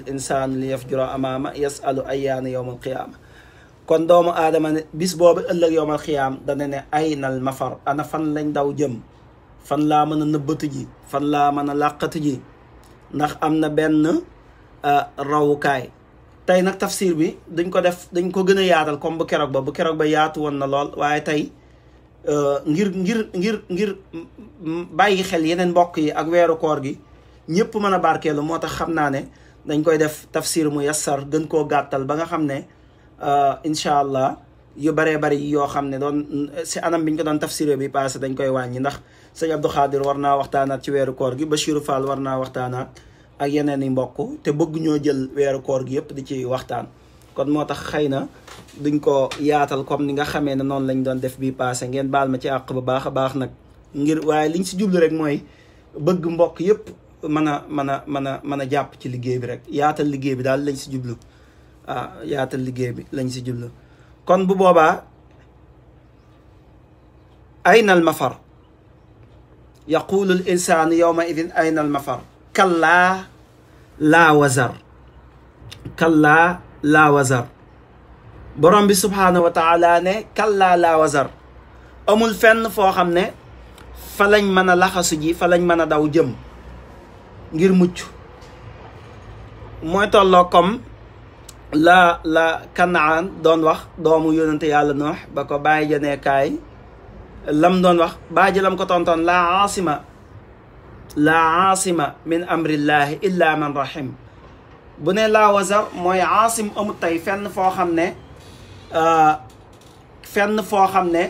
الانسان اللي يفجر امامه يسال ايان يوم القيامه كون دوم ادم بيس بوب الله يوم القيامه دنا اين المفر انا فن لين داو جيم فن لا من نبتي فن لا من لاقتي نخ امنا بن آه، راوكاي تاي نك تفسير بي دنج كو ديف دنج كو غنا ياتال كوم بو كيروك با بو كيروك با ياتو ون لول واي تاي ngir ngir ngir ngir bayyi xel yenen mbokk yi ak wéru koor gi ñepp mëna barké motax xamna né dañ koy def tafsir mu yassar gën koo gàttal ba nga xam ne euh, incha allah yu bare bari yoo xam ne doon si anam biñ ko doon tafsir bi passé dañ koy wàññi ndax sëñ Abdou Khadir war naa waxtaanaat ci weeru koor gi ba Bachirou Fall war naa waxtaanaat ak yeneen i mbokk te bëgg ñoo jël weeru koor gi yëpp di ci waxtaan kon moo tax xëy na duñ ko yaatal comme ni nga xamee ne noonu lañ doon def bii passé ngeen baal ma ci àq bu baax a baax nag ngir waaye liñ si jublu rek mooy bëgg mbokk yëpp مانا مانا مانا مانا جاب تي ليغي بي رك ياتا ليغي بي دال لا نسي جوبلو اه ياتا ليغي بي لا نسي جوبلو كون بو بوبا اين المفر يقول الانسان يومئذ اين المفر كلا لا وزر كلا لا وزر برام بي سبحانه وتعالى نه كلا لا وزر امول فن فو خامني فلاج مانا لاخاسو جي فلاج مانا داو جيم ngir muccu moy tolo kom la la kanaan don wax doomu yónente yàlla noox bako baye jene kay lam don wax baaji lam ko tonton la asima la asima min amrillahi illa man rahim bune la laa moy asim aasim tay fenn fo xamne euh fenn fo xamne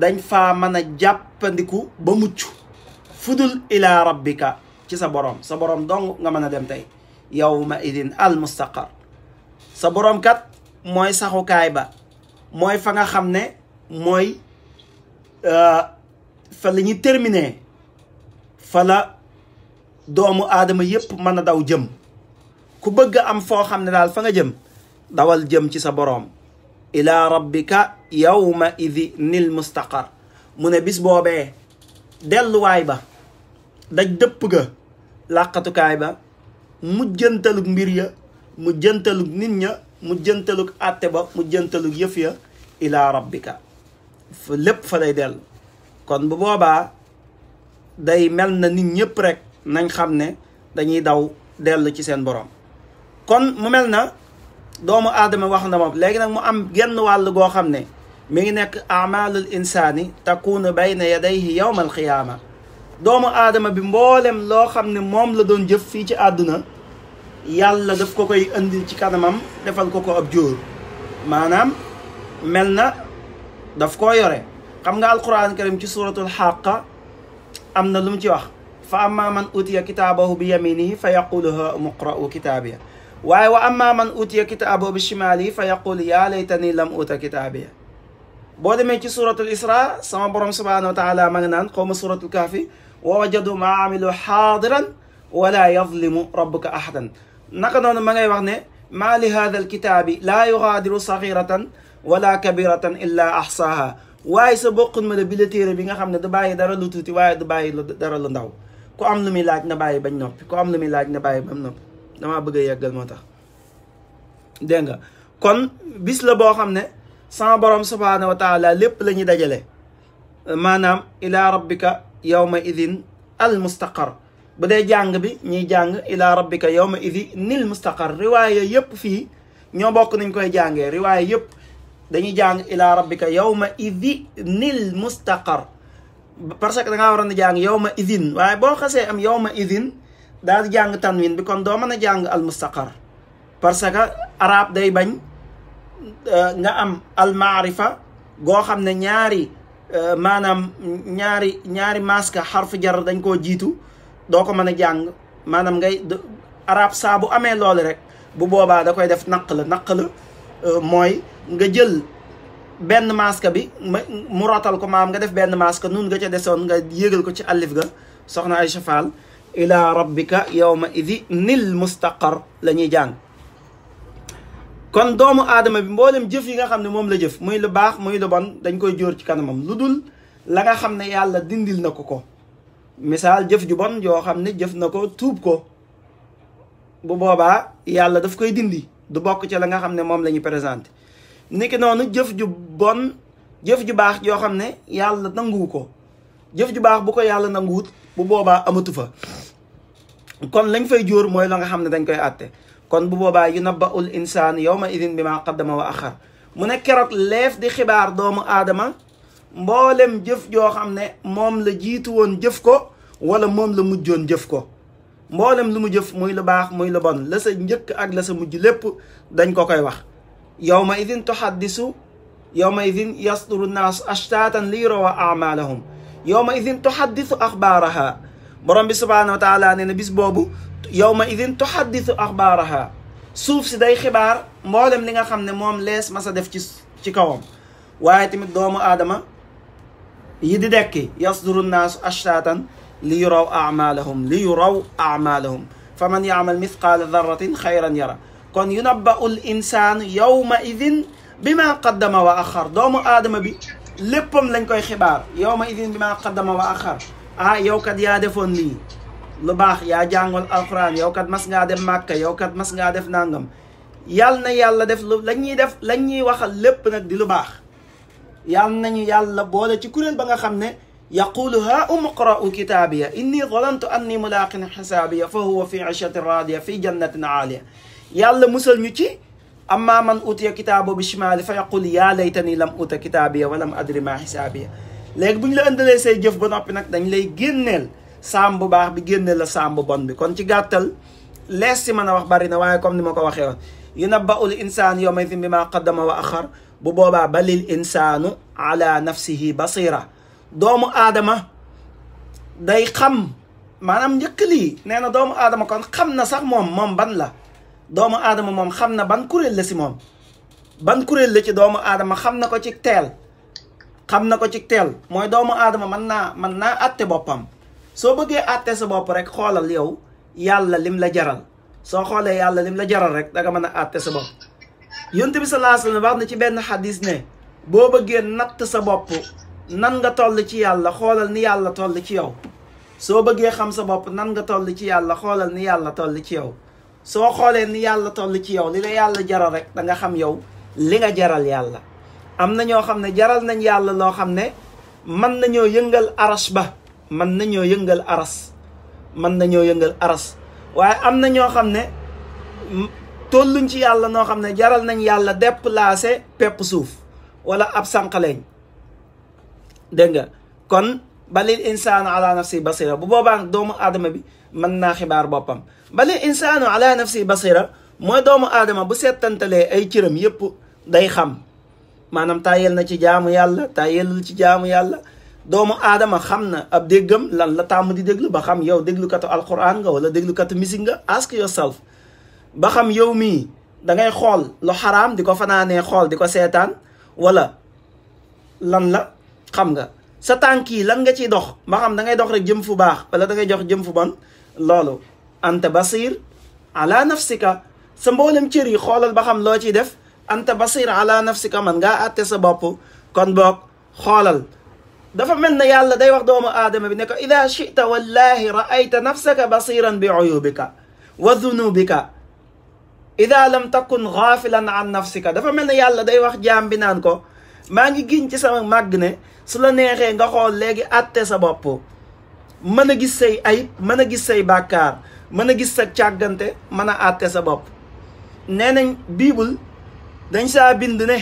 dañ faa jàppandiku ba muccu fudul ila rabbika ci sa boroom sa boroom dong nga mën a dem tey yawma idin al mustaqar sa boroom kat mooy saxukaay ba mooy fa nga xam ne mooy euh, fa la ñuy termine fa la doomu aadama yépp mën a daw jëm ku bëgg am foo xam ne daal fa nga jëm dawal jëm ci sa boroom ila rabbika yawma idinil mustaqar mu ne bis boobee delluwaay ba daj dëpp ga làqatukaay ba mujjantalug mbir ya mujjantalug nit ña mujjantalug àtte ba mujjantalug yëf ya ila rabbika lépp fa lay del kon bu boba day mel na nit ñëpp rek nañ xamne dañuy daw del ci seen borom kon mu mel na doomu aadama wax na mom legi nak mu am genn wàll go xamne mi ngi nek amalul insani takunu bayna yadayhi al-qiyamah doomu aadama bi mboolem loo xam ne moom la doon jëf fii ci àdduna yàlla daf ko koy andil ci kanamam defal ko ko ab jóor maanaam mel na daf koo yore xam nga alquran karim ci suratul xaqa am na lu mu ci wax fa amma man utiya kitaabahu bi yaminihi fa yaqulu ha muqra'u kitaabiya waaye wa amma man utiya kitaabahu bi shimaalihi fa yaqul yaa laytani lam uta kitaabiya boo demee ci suratul isra sama borom subhanahu wa taala ma nga naan xaw ma suratul kaafi wa wajadu ma amilu xaadiran wala yadlimu rabbuka ahadan naka noonu ma ngay wax ne maa li hada alkitaabi laa yugaadiru saxiratan wala kabiratan illa ahsaha waaye sa bokkun ma de bi la téere bi nga xam ne du bàyyi dara lu tuuti waaye du bàyyi lu dara lu ndaw ko am lu muy laaj na bàyyi bañ noppi ku am lu muy laaj na bàyyi bañ na damaa bëgg a yeggal moo tax dégg nga kon bis la boo xam ne sama borom subhaanahu wa taala lépp la ñuy dajale maanaam ila rabbika yawma idin al mustaqar bu dee jàng bi ñuy jàng ila rabbika yawma ni nil mustaqar riwaaya yëpp fii ñoo bokk nañ koy jàngee riwaaya yëpp dañuy jàng ila rabbika yawma idin nil mustaqar parce que da ngaa waroon a jàng yawma idin waaye boo xasee am yawma idin daal di jàng tanwin bi kon doo mën a jàng al mustaqar parce que arab day bañ euh, nga am al maarifa goo xam ne ñaari Euh, maanaam ñaari ñaari maska xarfu jar dañ koo jiitu doo ko mën a jàng maanaam ngay arab saa bu amee loolu rek bu boobaa da koy def naq la naq la euh, mooy nga jël benn maska bi mu rotal ko maam nga def benn maska nun nga ca desoon nga yégal ko ci alif ga soxna Aïcha Fall ila rabbika yawma idi nil mustaqar la ñuy jàng kon doomu aadama bi mboolem jëf yi nga xam ne moom la jëf muy lu baax muy lu bon dañ koy jóor ci kanamam lu dul la nga xam ne yàlla dindil na ko ko misaal jëf ju bon yoo xam ne jëf na ko tuub ko bu boobaa yàlla daf koy dindi du bokk ci la nga xam ne moom la ñu présenté niki noonu jëf ju bon jëf ju baax yoo xam ne yàlla nanguwu ko jëf ju baax bu ko yàlla nanguwut bu boobaa amatu fa kon lañ fay jóor mooy la nga xam ne dañ koy àtte kon bu boobaa yunabbaul insaan yawma idin bima qaddama wa akhar mu ne keroog leef di xibar doomu adama mbollem jëf jo xamne mom la jitu won jëf ko wala mom la mujjon jëf ko mbollem lu mu jëf moy lu bax moy lu bon la sa ñëk ak la sa mujj lépp dañ ko koy wax yawma idin tuhaddisu yawma idin yasduru naas ashtaatan li yurawa amaalahum yawma idin tuhaddisu axbaaraha borom bi subhaanahu wa taala bis يومئذ تحدث اخبارها سوف سيداي خبار مولم ليغا خامني موم ليس ماسا ديف سي سي كاوم واي دومو ادمه يدي ديكي يصدر الناس اشتاتا ليروا اعمالهم ليروا اعمالهم فمن يعمل مثقال ذره خيرا يرى كون ينبا الانسان يومئذ بما قدم واخر دوم ادم بي ليبوم لنجكوي خبار يومئذ بما قدم واخر اه يوكا ديا لي lu bax ya jàngoon alquran yow kat mas nga dem màkka yow kat mas nga def nangam yalna yàlla def lu lañ def lañuy waxal lépp nak di lu bax yalna ñu yàlla boole ci kuréel ba nga xamne يقولها أم ha كتابي إني inni أني ملاق حسابي فهو في عشة fi في جنة fi jannatin aaliya yàlla أما من أوتي كتابه بشمال فيقول يا ليتني لم أوت كتابي ولم أدري ما uta kitaabiya walam adri ma xisaabiya léegi bu ñu la ëndalee say jëf sambu bax bi génne la sambu bon bi kon ci gàttal lees si mën a wax bari na waaye comme ni ma ko waxee woon yunabbaul insaan yawmayzin bi ma qaddama wa axar bu boobaa balil insaanu ala nafsihi basira doomu aadama day xam maanaam njëkk li nee na doomu aadama kon xam na sax moom moom ban la doomu aadama moom xam na ban kuréel la si moom ban kuréel la ci doomu aadama xam na ko ci teel xam na ko ci teel mooy doomu aadama mën naa mën naa atte boppam soo bëggee àtte sa bopp rek xoolal yow yàlla lim la jaral soo xoolee yàlla lim la jaral rek danga mën a àtte sa bopp yonent bi sallallahu alayhi wa sallam na ci benn xadis ne boo bëggee natt sa bopp nan nga toll ci yàlla xoolal ni yàlla toll ci yow soo bëggee xam sa bopp nan nga toll ci yàlla xoolal ni yàlla toll ci yow soo xoolee ni yàlla toll ci yow li la yàlla jaral rek da nga xam yow li nga jaral yàlla am na ñoo xam ne jaral nañ yàlla loo xam ne mën ñoo yëngal arash ba mën nañoo yëngal aras mën nañoo yëngal aras waaye am na ñoo xam ne tolluñ ci yàlla noo xam ne jaral nañ yàlla depp déplacé pepp suuf wala ab sànqaleñ dégg nga kon balil insaanu ala nafsi basira bu boobaa doomu aadama bi mën naa xibaar boppam balil insaanu ala nafsi basira mooy doomu aadama bu settantalee ay cëram yëpp day xam maanaam tàyyel na ci jaamu yàlla tàyyelul ci jaamu yàlla doomu aadama xam na ab déggam lan la tàmm di déglu ba xam yow déglukatu alquran nga wala déglukatu musique nga ask yourself ba xam yow mii da ngay xool lu xaraam di ko fanaanee xool di ko seetaan wala lan la xam nga sa tànk yi lan nga ciy dox ba xam da ngay dox rek jëm fu baax wala da ngay jox jëm fu bon loolu anta basir ala nafsika sa mboolem cër yi xoolal ba xam loo ciy def anta basir ala nafsika man ngaa àtte sa bopp kon boog xoolal دفع منا يا داي وقت دوما آدم بنك إذا شئت والله رأيت نفسك بصيرا بعيوبك وذنوبك إذا لم تكن غافلا عن نفسك دفع منا يا الله داي وقت جام بنانكو ما نجي جنت سما مغنى سلا نيخي نغا خول لغي أتى سبابو ما نجي سي أي ما نجي سي باكار ما نجي سك تشاغنت ما نا أتى سبابو نين بيبل دنسا بندنه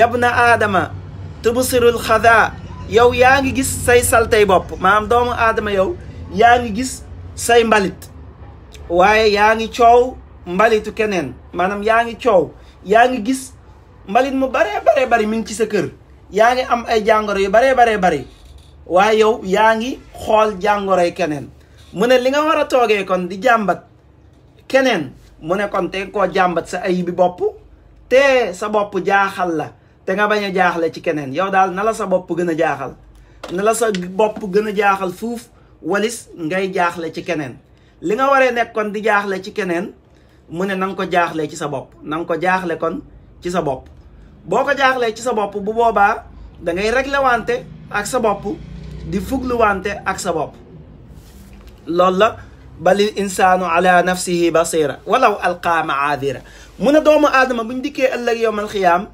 يبنى آدم تبصر الخذا yow yaa ngi gis say saltay bopp maanaam doomu aadama yow yaa ngi gis say mbalit waaye yaa ngi coow mbalitu keneen maanaam yaa ngi coow yaa ngi gis mbalit mu baree baree bari mi ngi ci sa kër yaa ngi am ay jàngoro yu baree baree bari waaye yow yaa ngi xool jàngoro yi keneen mu ne li nga war a toogee kon di jàmbat keneen mu ne kon te koo jàmbat sa ayib bi bopp te sa bopp jaaxal la te nga bañ a jaaxle ci keneen yow daal na la sa bopp gën a jaaxal na la sa gën a jaaxal fuuf walis ngay jaaxle ci keneen li nga waree nekk kon di jaaxle ci keneen mu ne na ko jaaxlee ci sa bopp na ko jaaxle kon ci sa bopp boo ko jaaxlee ci sa bopp bu boobaa dangay ngay réglé wante ak sa bopp di fuglu wante ak sa bopp loolu la balil insaanu ala nafsihi basira walaw alqaa maadira mu ne doomu aadama buñ dikkee ëllëg yowmal xiyaam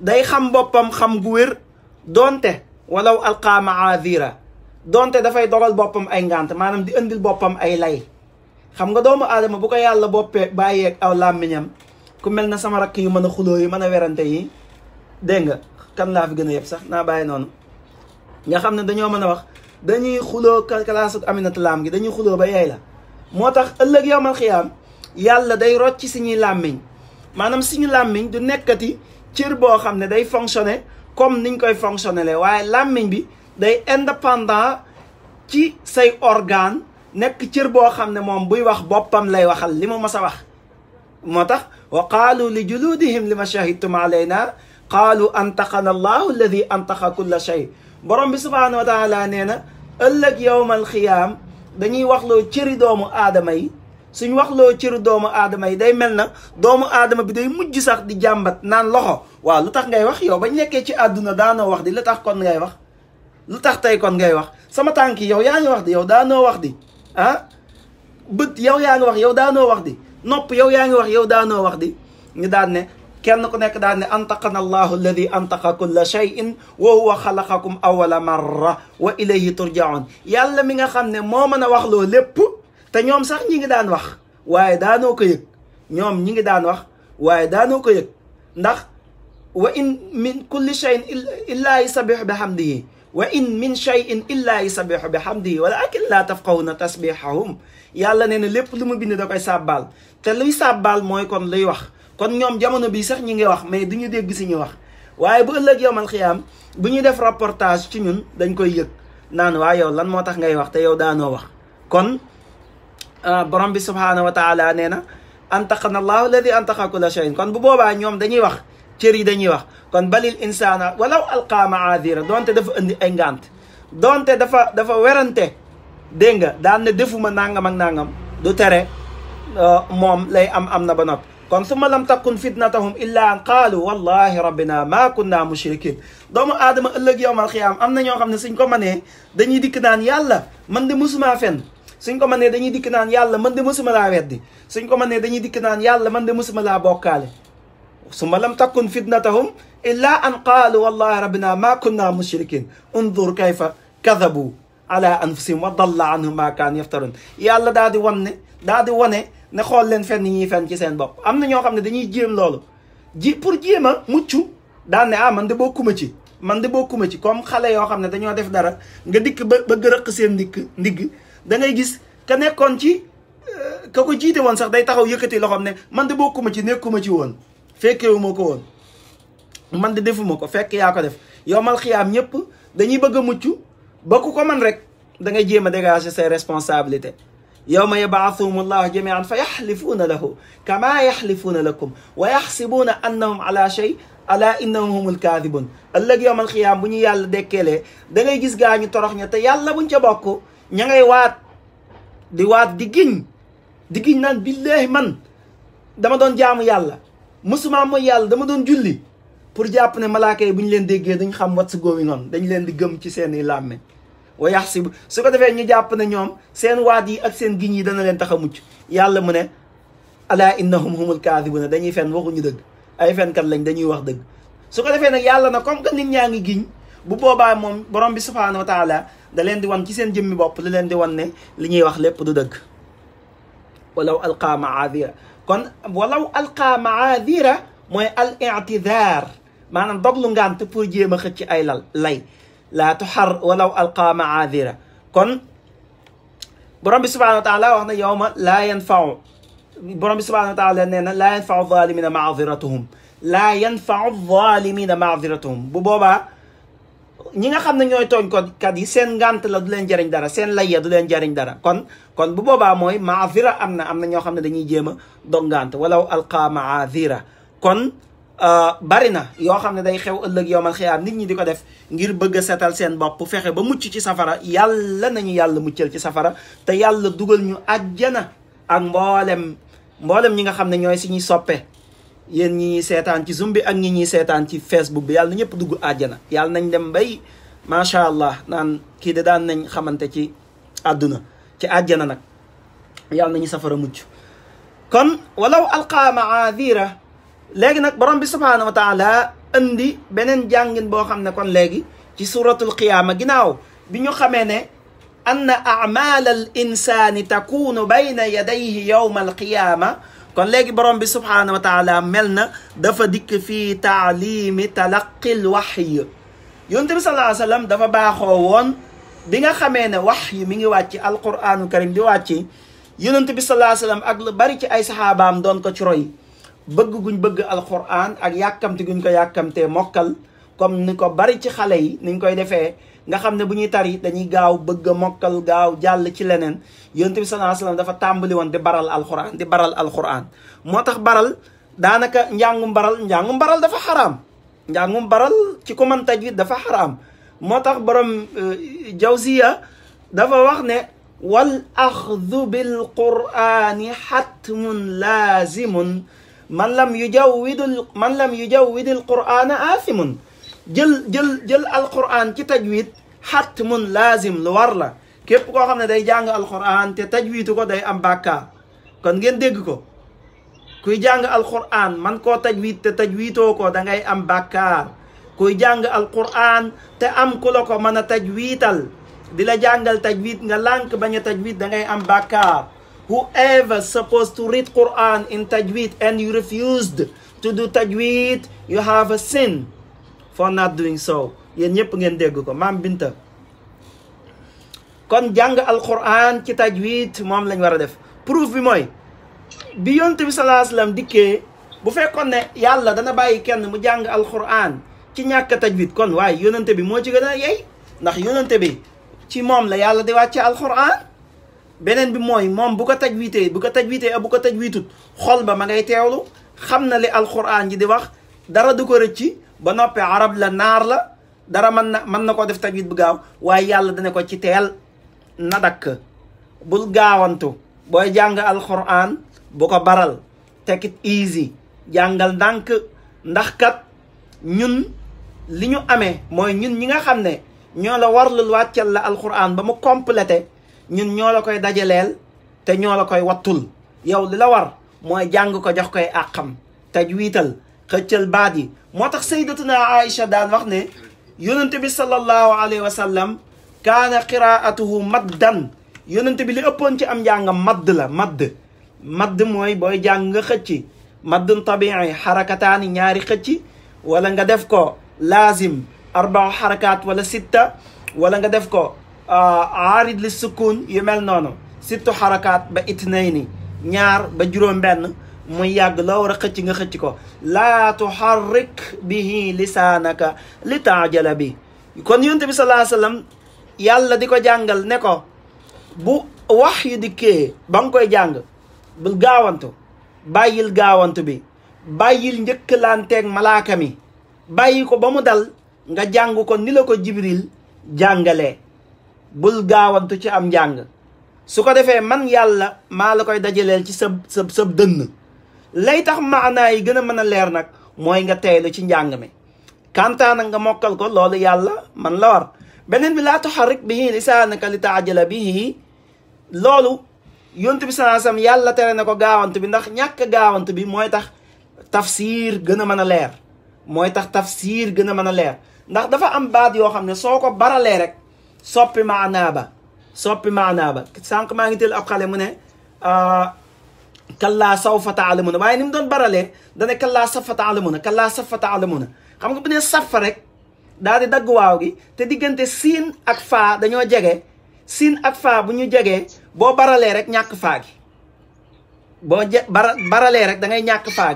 day xam boppam xam gu wér donte walaw alqaa maadira donte dafay dogal boppam ay ngant maanaam di indil boppam ay lay xam nga doomu aadama bu ko yàlla boppee bàyyeeg aw làmmiñam ku mel na sama rakk yu mën a xuloo yi mën a werante yi dégg nga kan laa fi gën a yëpp sax naa bàyyi noonu nga xam ne dañoo mën a wax dañuy xuloo kalaasu aminata laam gi dañuy xuloo ba yaay la moo tax ëllëg yowmal xiyaam yàlla day rocc ci suñuy làmmiñ maanaam suñu làmmiñ du nekkati cër bo xamne day fonctionner comme niñ koy fonctionner le waaye làmmiñ bi day indépendant ci say organe nek cër bo xamne mom buy wax bopam lay waxal li mu wax motax wa qalu li juludihim lima shahidtum alayna qalu antaqana allah alladhi antaqa kull shay borom bi subhanahu wa taala neena na ëllëg yowmal xiyaam dañuy wax waxloo cëri doomu aadama yi suñ wax lo ci ru doomu adama yi day melna doomu adama bi day mujj sax di jàmbat nan loxo wa lutax ngay wax yow bañ nekké ci àdduna daanoo wax di lutax kon ngay wax lutax tay kon ngay wax sama tànk yow yaa ngi wax di yow daanoo wax di ah beut yow yaa ngi wax yow daanoo wax di nop yow yaa ngi wax yow daanoo wax di ñu daal ne kenn ku nekk daal ne antaqana allah alladhi antaqa kull shay'in wa huwa khalaqakum awwala marra wa ilayhi turjaun yàlla mi nga xamne mo moo wax lo lépp te ñom sax ñi ngi daan wax waye daano ko yek ñom ñi ngi daan wax waye daano ko yek ndax wa in min kulli shay'in illa yusabbih bihamdihi wa in min shay'in illa yusabbih bihamdihi walaakin la tafqahuna tasbihahum yàlla neena lépp lu mu bind da koy sabbal te luy sabbal moy kon luy wax kon ñom jamono bi sax ñi ngi wax mais duñu dégg si ñi wax waye bu ëllëg yowmal xiyam bu ñu def reportage ci ñun dañ koy yek naan wa yow lan motax ngay wax te yow daano wax kon Ah, borom bi subhaanahu wa taala nee na antaqana allahu alladi antaqa kulla shay'in kon bu boobaa ñoom dañuy wax cër yi dañuy wax kon balil insaana walaw alqaa maadira donte dafa indi ay ngant donte dafa dafa werante dégg nga daan ne defuma nangam ak nangam du tere ah, moom lay am am na ba noppi kon summa lam takun fitnatahum illa an qaalu wallahi rabbina ma kunna mushrikin doomu aadama ëllëg yowmal xiyaam am na ñoo xam ne suñ ko mënee dañuy dikk naan yàlla man de musuma fen suñ ko mané dañuy dik naan yàlla man de musuma la weddi suñ ko mané dañuy dik naan yàlla man de musuma la bokalé suma lam takun fitnatahum illa an qalu wallahi rabbina ma kunna mushrikin unzur kayfa kadhabu ala anfusihim wa dalla anhum ma kan yaftarun yàlla dadi wonné dadi wonné ne xol len fenn ñi fenn ci seen bop amna ño xamné dañuy jëm lolu ji pour jema muccu da ne ah man de bokuma ci man de bokuma ci comme xale yo xamné ne dañoo def dara nga dik ba bëgg seen dik ndig da ngay gis ka nekkoon ci ka ko jiite woon sax day taxaw yëkkati loxoom ne man de bokkuma ci nekkuma ci woon fekkewuma ko woon man de defuma ko fekk yaa ko def yowmal xiyaam ñëpp dañuy bëgg a mucc ba ku ko man rek da ngay jéem a dégager ses responsabilités يوم يبعثهم الله جميعا فيحلفون له كما يحلفون لكم ويحسبون انهم على شيء الا انهم هم الكاذبون humul يوم القيامه بني يالا ديكلي داغي غيس غاني توروخ ngay تا يالا ñu torox ña ña ngay waat di waat di giñ di giñ naan billaahi man dama doon jaamu yàlla musuma mooy yàlla dama doon julli pour jàpp ne malaaka bu ñu leen déggee dañ xam what's going on dañ leen di gëm ci seen seeni làmme wa yax si su ko defee ñu jàpp ne ñoom seen waat yi ak seen giñ yi dana leen tax a mucc yàlla mu ne alaa ala innahum humul kaadibuna dañuy fen waxuñu dëgg ay fenkat lañ dañuy wax dëgg su ko defee nag yàlla na comme que nit giñ bu boba mom borom bi subhanahu wa taala da len di won ci sen jëmmi bop li len di won ne li ñuy wax lépp du deug walaw alqa maadira kon walaw alqa maadira moy al i'tizar manam doglu ngànt pour jema xëc ci ay lal lay la tuhar walaw alqa maadira kon borom bi subhanahu wa taala wax na yawma la yanfau borom bi subhanahu wa taala neena la laa yanfau zalimina maadiratuhum laa yanfau zalimina maadiratuhum bu boba ñi nga xam ne ñooy tooñkat yi seen ngant la du leen jariñ dara seen lay ya du leen jariñ dara kon kon bu boobaa mooy maazira am na am na ñoo xam ne dañuy jéem a dog ngànt walaw alqa maazira kon euh, bari na yoo xam ne day xew ëllëg yowmal xiyaam nit ñi di ko def ngir bëgg a setal seen bopp fexe ba mucc ci safara na ñu yàlla muccal ci safara te yàlla dugal ñu àjjana ak mboolem mboolem ñi nga xam ne ñooy suñuy soppe yéen ñi ñuy seetaan ci zoom bi ak ñi ñuy seetaan ci facebook bi yàlla na ñëpp dugg àjjana yàlla nañ dem bay macha allah naan kii de daan nañ xamante ci àdduna ci àjjana nag yàlla nañu safara mujj kon walaw alqaa maadira léegi nag borom bi subhaanahu wa andi beneen jàngin boo xam ne kon léegi ci suratul qiyaama ginnaaw bi ñu xamee ne anna aamaala al insaani takunu bayna yadayhi yowma alqiyaama كون لاجي برام سبحانه وتعالى عملنا دفا ديك في تعليم تلقي الوحي يونتبي صلى الله عليه وسلم دفا باخوون بيغا خامينا وحي ميغي واتي القران الكريم دي واتي يونتبي صلى الله عليه وسلم اك لو بري اي صحابام دون كو تروي بغغوغن بغ القران اك ياكامتي غن كو ياكامتي موكل comme ni ko bari ci xalé yi niñ koy défé nga xamné bu ñuy tari dañuy gaaw bëgg mokal mokkal gaaw jall ci lenen yoonte bi alayhi wasallam dafa tambali won di baral alquran di baral alquran motax baral danaka njangum baral njangum baral dafa haram njangum baral ci ko man tajwid dafa haram. motax baram borom euh, jawziya dafa wax né wal akhdhu bil qurani hatmun lazimun, man lam yujawwidul man lam yujawwidul qurana athimun jël jël jël alquran ci tajwid hatmun lazim lu war la képp koo xam ne day jàng alquran te tajwidu ko day am bàkkaar kon ngeen dégg ko kuy jàng alquran man koo tajwid te tajwitoo ko da ngay am bàkkaar kuy jàng alquran te am ku la ko mën a tajwital di la jàngal tajwid nga lànk bañ a tajwid da ngay am bàkkaar whoever supposed to read quran in tajwid and you refused to do tajwid you have a sin for not doing so yen ñep ngeen dégg ko mam Binta kon jàng ya alquran ci tajwid mom lañ wara def proof bi moy bi yonent bi alayhi wasallam dikke bu fekkoon ne yalla dana bayyi kenn mu jàng alquran ci ñàkk tajwid kon way yonent bi mo ci gëna yey ndax yonent bi ci mom la yalla di wàcce alquran benen bi moy mom bu ko tajwitee bu ko tajwitee ak bu ko tajwitut xol ba ma ngay tewlu xamna na li alquran ji di wax dara du ko recc ba noppi arab la nar la dara man na mën na def tajwid bu gaaw way yalla dana ko ci teel nadak bul gaawantu alquran bu ko baral take it easy jangal dank ndax kat ñun liñu amé moy ñun ñi nga xamné ñoo la warlul wàccel la alquran ba mu complété ñun ñoo la koy dajalel te ñoo la koy wattul yow lila war moy jang ko jox koy akam tajwital xëccal baat yi moo tax sayidatuna aïcha daan wax ne yonente bi sallallahu alayhi wa sallam kaana qiraatuhu maddan yonente bi li ëppoon ci am njàng madd la madd madd mooy booy jàng nga xëcc maddun tabi'i xarakataani ñaari xëcc wala nga def ko laazim arbaa xarakaat wala sitta wala nga def ko aarid li sukun yu mel noonu sittu xarakaat ba itnayni ñaar ba juróom benn muy yàgg loo war a xëcc nga xëcc ko laa tuharrik bihi lisaanaka li taajala bi kon yonent bi sallallahu alayhi wasallam yàlla di ko jàngal ne ko bu wax yu dikkee ba nga koy jàng bul gaawantu bàyyil gaawantu bi bàyyil njëkkalanteeg malaaka mi bàyyi ko ba mu dal nga jàng ko ni la ko jibril jàngalee bul gaawantu ci am njàng su ko defee man yàlla maa la koy dajaleel ci sa sa sa dënn lay tax maanaa yi gën a mën a leer nag mooy nga teylu ci njàng mi kantaan nag nga mokkal ko loolu yàlla man la war beneen bi laa tuxarrik bihi lisaanaka li taajala bihi loolu yontu bi sanaasam yàlla tere na ko gaawant bi ndax ñàkk gaawant bi mooy tax tafsir gën a mën a leer mooy tax tafsir gën a mën a leer ndax dafa am baat yoo xam ne soo ko baralee rek soppi maanaa ba soppi maanaa ba sànq maa ngi teel ab xale mu ne ah, kallaa sawfa taalamuuna waaye ni mu doon baralee dane kallaa sawfa taalamuuna kallaa sawfa taalamuuna xam nga bu nee safa rek daal di dagg waaw gi te diggante siin ak faa dañoo jege siin ak faa bu ñu jege boo baralee rek ñàkk faa gi boo bara baralee rek dangay ngay ñàkk faa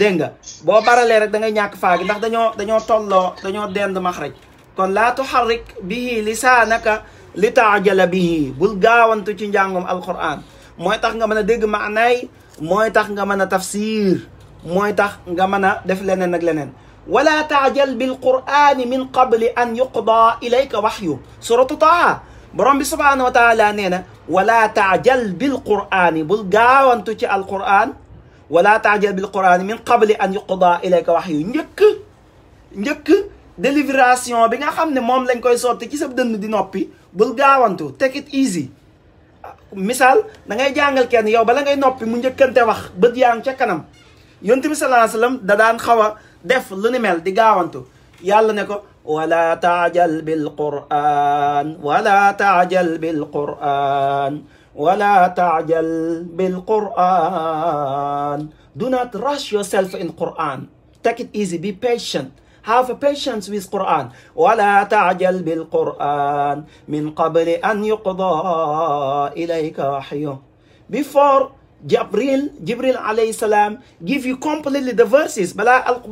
dégg nga boo baralee rek da ñàkk faa gi ndax dañoo dañoo tolloo dañoo dend maxraj kon laa tuxarrik bihi lisaanaka li taajala bihi bul gaawantu ci njàngum alquran mooy tax nga mën a dégg maanaay mooy tax nga mën a tafsir mooy tax nga mën a def leneen ak leneen wala taajal bil qurani min qabli an yuqda ilayka waxyu suratu taa borom bi subhaanahu wa taala nee na wala taajal bil qurani bul gaawantu ci al quran wala taajal bil qurani min qabli an yuqda ilayka waxyu njëkk njëkk délivration bi nga xam ne moom lañ koy sotti ci sa dënn di noppi bul gaawantu take it easy misaal da ngay jàngal kenn yow bala ngay noppi mu njëkkante wax bët yaa ngi ca kanam yonent bi sallallahu alayhi wasallam da daan xaw def lu ni mel di gaawantu yàlla ne ko wala taajal bil quran wala taajal bil quran wala taajal bil quran do not rush yourself in quran take it easy be patient have patience with Quran. ولا تعجل بالقرآن من قبل أن يقضى إليك وحيه. Before Jibril, Jibril alayhi salam, give you completely the verses. Bala al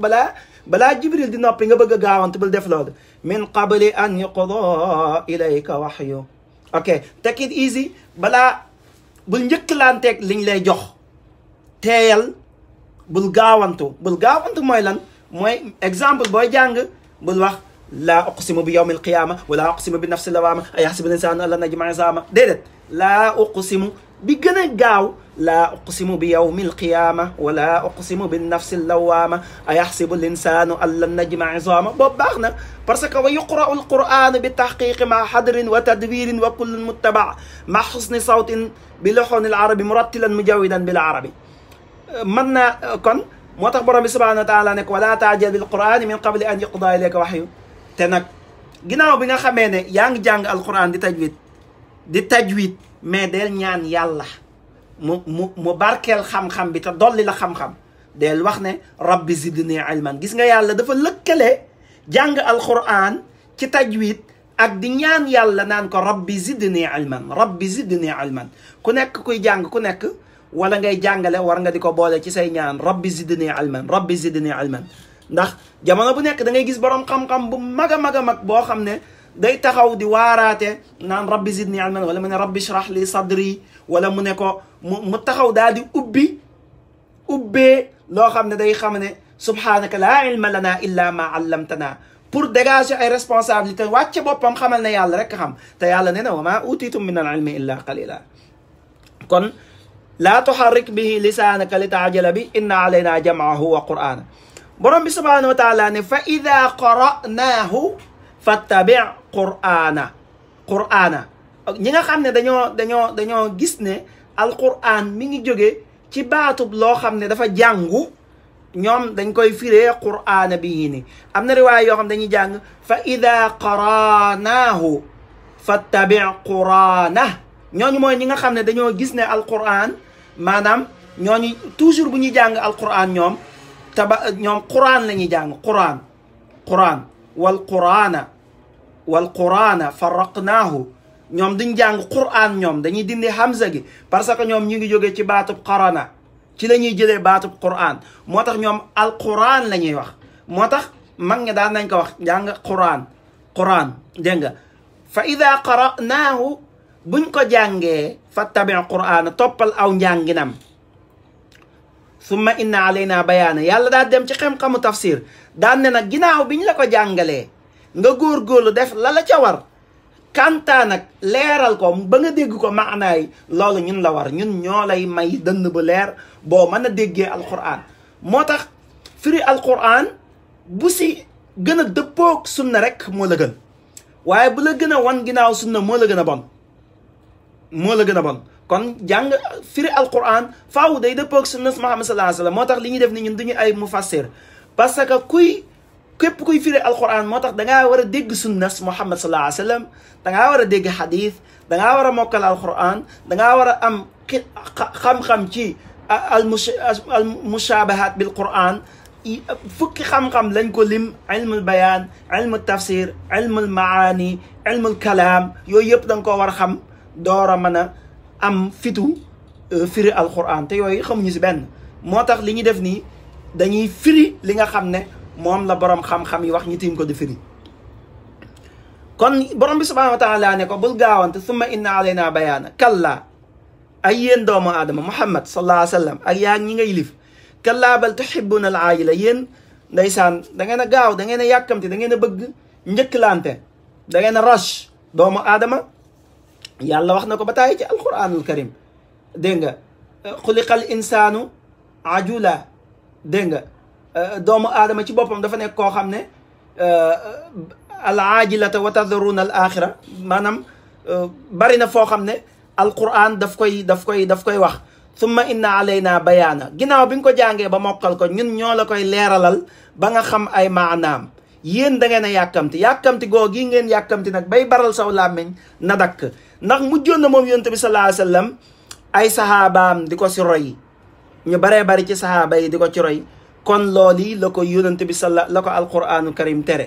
did not bring a gaggawan to def Lord. Min qabli an yuqda ilayka wahyu. Okay, take it easy. Bala bul njëkkalanteeg liñ lay jox. Teyal bul gaawantu. Bul gaawantu mooy mooy exemple booy jàng bul wax laa uqsimu bi yawmi alqiyama wala uqsimu bi nafsi lawaama ayaxsibu linsanu alla najmaa isaama déedéet laa uqsimu bi gën a gaaw laa uqsimu bi yawmi alqiyama wala uqsimu bi nafsi lawaama ayaxsibu linsanu alla najmaa isaama boobu baax na parce que wa yuqra'u alquranu bi taxqiqi ma xadrin wa tadwirin wa kullun muttaba ma xusni sawtin bi loxoon alarabi murattilan mujawidan bil arabi manna na kon motax borom bi subhanahu wa taala ne ko wala ta'jal bil qur'an min qabl an yuqda ilayka wahyu te nak ginaaw bi nga xamé ne yaang jang al qur'an di tajwid di tajwid mais del ñaan yàlla mu mu barkel xam-xam bi te doli la xam-xam del wax ne rabbi zidni ilman gis nga yàlla dafa lëkkale jàng al qur'an ci tajwid ak di ñaan yàlla nan ko rabbi zidni ilman rabbi zidni ilman ku nek kuy jàng ku nek ولا غاي جانغالي وارا غادي كو بولي سي ساي نيان ربي زدني علما ربي زدني علما داخ جامانو بو نيك دا غاي غيس بوروم خام خام بو ماغا ماغا ماك بو خامني داي تاخاو دي واراتي نان ربي زدني علما ولا من ربي اشرح لي صدري ولا مونيكو مو تاخاو دادي اوبي اوبي لو خامني داي خامني سبحانك لا علم لنا الا ما علمتنا pour dégager ay responsabilité wacc bopam xamal na yalla rek xam te yalla neena wa ma utitum min al ilmi illa qalila kon laa tuharrik bihi lisaanaka li taajala bi inna alayna jamaahu wa qur'aana borom bi subhaanahu wa taala ne fa ida qara'naahu fattabi qur'aana qur'aana ñi nga xam ne dañoo dañoo dañoo gis ne alqur'aan mi ngi jóge ci baatub loo xam ne dafa jàngu ñoom dañ koy firee qur'aana bii ni am na riwaay yoo xam dañuy jàng fa ida qara'naahu fattabi qur'aana ñooñu mooy ñi nga xam ne dañoo gis ne alqur'aan maanaam ñooñu toujours bu ñuy jàng alquran ñoom taba ñoom quran la ñuy jàng quran quran wal qurana wal qurana farraqnaahu ñoom duñ jàng quran ñoom dañuy dindi hamza gi parce que ñoom ñu ngi jógee ci baatub qarana ci la ñuy jëlee baatub quran moo tax ñoom alquran la ñuy wax moo tax mag nga daan nañ ko wax jàng quran quran dégg fa ida qaranaahu buñ ko jàngee fattabi qur'aana toppal aw njànginam summa inna alayna bayaana yàlla daa dem ci xam-xamu tafsir daan ne nag ginnaaw ñu la ko jàngalee nga góor góorgóorlu def la la ca war kanta nag leeral ko ba nga dégg ko maanaay loolu ñun la war ñun ñoo lay may dënn bu leer boo mën a déggee alquran moo tax firi alquran bu si gën a dëppoog sunna rek moo la gën waaye bu la gën a wan ginnaaw sunna moo la gën a bon moo la gën a bon kon jàng firi alquran faaw day dëppoo ak sunnas Muhammad sallallahu alayhi wa sallam moo tax li ñuy def ni ñun duñu ay mufassir parce que kuy képp kuy firi alquran moo tax dangaa war a dégg sunnas Muhammad sallallahu alayhi wa sallam dangaa war a dégg da dangaa war a mokkal alquran dangaa war a am xam-xam ci al mushabahat bil quran فك خم خم lañ ko علم البيان علم التفسير علم المعاني علم الكلام يو yooyu yëpp danga koo دورا مانا ام فيتو am fitu firi يوي خمو yooyu xamuñu si benn moo tax li ñuy def nii dañuy firi li nga xam ne moom la borom xam-xam yi wax ñu tiim ko di firi kon borom bi subhanahu wa taala ne ko bul gaawante summa inna alayna bayaana kalla ay yéen doomu aadama muhammad sallallahu alayhi wa sallam kalla da ngeen a gaaw da ngeen a da ngeen a bëgg lante da ngeen rush doomu aadama يا الله واخنا كو بتاي القران الكريم دينغا خلق الانسان عجولا دينغا دوم ادم تي بوبام دا فا نيك كو خامني آه، العاجله وتذرون الاخره مانام آه، بارينا فو خامني القران داف كوي داف كوي داف كوي واخ ثم ان علينا بيانا غيناو بينكو جانغي با موكال كو نين ньоلا كوي ليرالال باغا خام اي معنام yéen da ngeen a yàkkamti yàkkamti googu ngeen yàkkamti nag bay baral saw làmmiñ na dakk ndax mujjoon na moom yonent bi sallallahu alayhi wasallam ay saxaabaam di ko si roy ñu baree bari ci saxaaba yi di ko ci roy kon loolu yi la ko yonent bi salla la ko alquraanu karim tere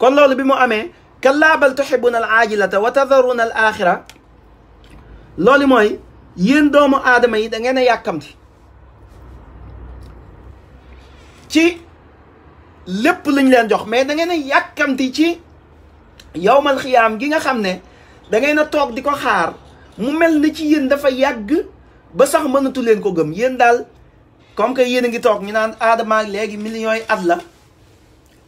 kon loolu bi mu amee kallaa bal tuhibbuna al aajilata wa tadharuna al axira mooy yéen doomu aadama yi da yàkkamti lépp lañ leen jox mais da ngeen a yàkkamti ci yowmal xiyaam gi nga xam ne dangeen a toog di ko xaar mu mel ni ci yéen dafa yàgg ba sax mënatu leen ko gëm yéen daal comme que yéen a ngi toog ñu naan aadama léegi millions yi at la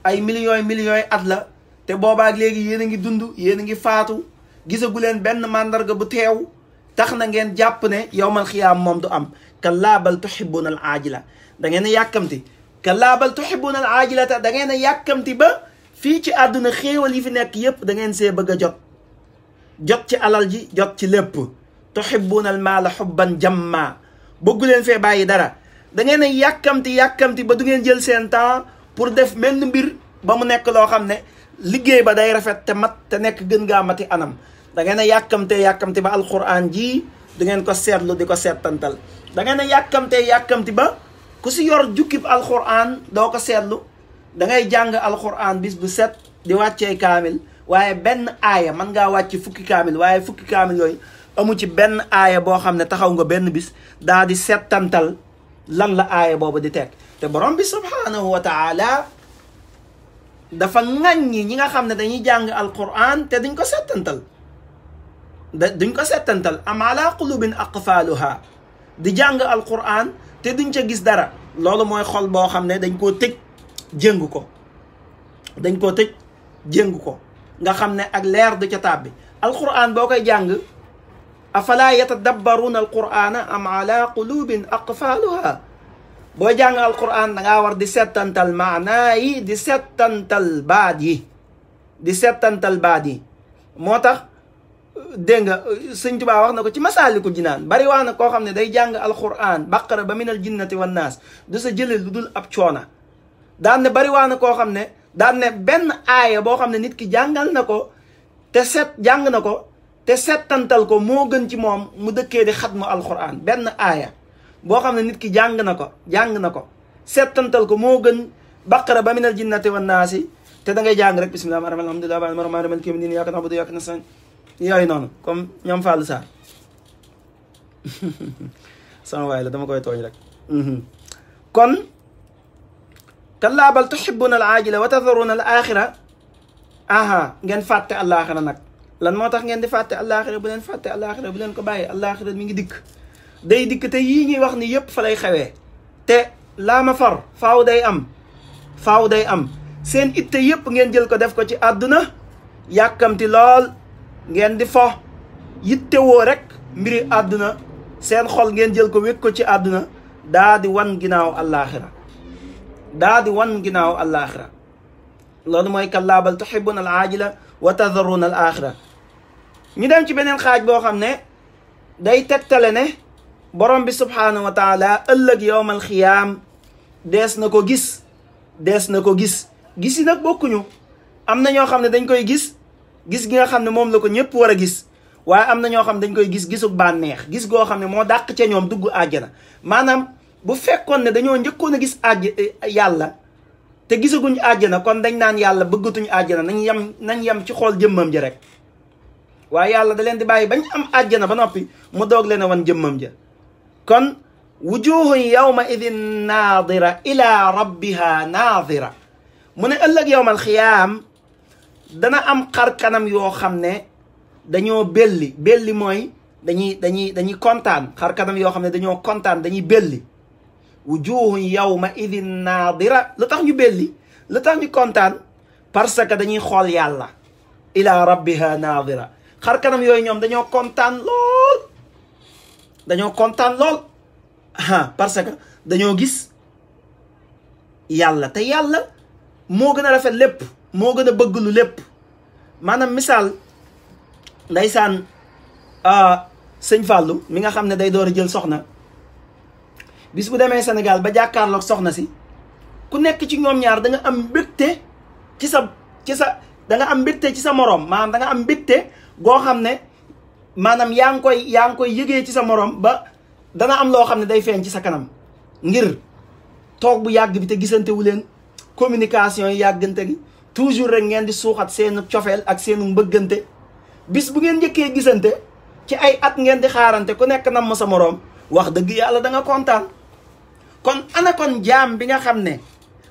ay millions millions yi at la te boobaak léegi yéen a ngi dund yéen a ngi faatu gisagu leen benn màndarga bu teew tax na ngeen jàpp ne yowmal xiyaam moom du am kallaa bal tuhibbuuna al aajila dangeen yàkkamti kala bal tuhibbuna al ajilata da ngeen yakam yàkkamti ba ci aduna xewal yi fi nek yep da ngeen se beug jot jot ci alal ji jot ci lépp tuhibbuna al mal hubban jamma bëggu len fe bàyyi dara da yakam ti yakam ti ba du ngeen jël sen temps pour def men mbir ba mu nek lo xamne ne ba day rafet te mat te nek gën ga mati anam da yakam te yakam ti ba alquran ji du ngeen ko setlu di setantal da da yakam te yakam ti ba ku si yor jukib alquran do ko setlu da ngay jang alquran bis bu set di wacce kamil waye ben aya man nga wacce fukki Kamil, waye fukki kamil yoy amu ci ben aya bo xamne taxaw nga ben bis da di settantal lan la aya bobu di tek te borom bi subhanahu wa taala dafa ngagne ñi nga xamne dañuy jang alquran te duñ ko settantal duñ ko settantal am ala qulubin aqfaluha di jang alquran te duñ ca gis dara loolu mooy xol boo xam ne dañ koo tëj jëngu ko dañ koo tëj jëngu ko nga xam ne ak leer du ca tàbbi alquran boo koy jàng afala yatadabbaruna alqurana am ala qulubin aqfaluha boo jàng alquran da ngaa war di settantal maana yi di settantal baat yi di settantal baat yi moo tax dégg nga sëñ Tuubaa wax na ko ci masaalikul jinaan bari wax na koo xam ne day jàng alquran baqara ba minal jinnati wan naas du sa jëlee lu dul ab coona daan ne bari wax na koo xam ne daan ne benn aaya boo xam ne nit ki jàngal na ko te set jàng na ko te settantal ko moo gën ci moom mu dëkkee di xatmu alquran benn aaya boo xam ne nit ki jàng na ko jàng na ko settantal ko moo gën baqara ba minal jinnati wan naas te da ngay jàng rek bismillah alhamdulilah yooyu noonu comme ñoom Fallou Sarr sama waay la dama koy tooñ rek kon kallaa bal tuhibbuna al aajila wa tadharuna al axira aha ngeen fàtte àllaaxira nag lan moo tax ngeen di fàtte àllaaxira bu leen fàtte àllaaxira bu leen ko bàyyi àllaaxira mi ngi dikk day dikk te yii ñuy wax ni yépp fa lay xewee te laa ma far faaw day am faaw day am seen itte yépp ngeen jël ko def ko ci àdduna yàkkamti lool ngeen di fo yittewoo rek mbiri àdduna seen xol ngeen jël ko wékk ko ci àdduna daa di wan ginnaaw allaaxira daa di wan ginnaaw allaaxira loolu mooy kallaa bal tuhibbuna al aajila wa tadharuna al aaxira ñu dem ci beneen xaaj boo xam ne day tegtale ne borom bi subhanahu wa taala ëllëg al xiyaam dees na ko gis dees na ko gis gis yi nag bokkuñu am na ñoo xam ne dañ koy gis gis gi nga xam ne moom la ko ñëpp war a gis waaye am na ñoo xam dañ koy gis gisug bànneex gis goo xam ne moo dàq ca ñoom dugg àjjana maanaam bu fekkoon ne dañoo njëkkoon a gis àjj eh, yàlla te gisaguñ àjjana kon dañ naan yàlla bëggatuñ àjjana nañ yem nañ yem ci xool jëmmam ja rek waaye yàlla da leen di bàyyi bañ am àjjana ba noppi mu doog leen a wan jëmmam ja kon wujuhun yawma idin naadira ila rabbiha naadira mu ne ëllëg yowmal xiyaam dana am xar kanam yoo xam ne dañoo belli belli mooy dañuy dañuy dañuy kontaan xar kanam yoo xam ne dañoo kontaan dañuy belli wujuhun yawma idin naadira lu tax ñu belli lu tax ñu kontaan parce que dañuy xool yàlla ila rabbiha naadira xarkanam yooyu ñoom dañoo kontaan lool dañoo kontaan lool ah parce que dañoo gis yàlla te yàlla moo gën a rafet lépp moo gën a bëgg lu lépp maanaam misaal ndaysaan ah, sëñ Fallou mi nga xam ne day door a jël soxna bis bu demee Sénégal ba jàkkaarloog soxna si ku nekk ci ñoom ñaar da am mbégte ci sa ci sa da am mbégte ci sa moroom maanaam da nga am mbégte goo xam ne maanaam yaa ngi koy yaa ngi koy yëgee ci sa moroom ba dana am loo xam ne day feeñ ci sa kanam ngir toog bu yàgg bi te gisante leen communication yi yàggante gi toujours rek ngeen di soukhat seenu tiofel ak seenu mbëggante bis bu ngeen njëkkee gisante ci ay at ngeen di xaarante ku nekk nam ma sa morom wax deug yalla da nga contane kon ana kon jam bi nga xamne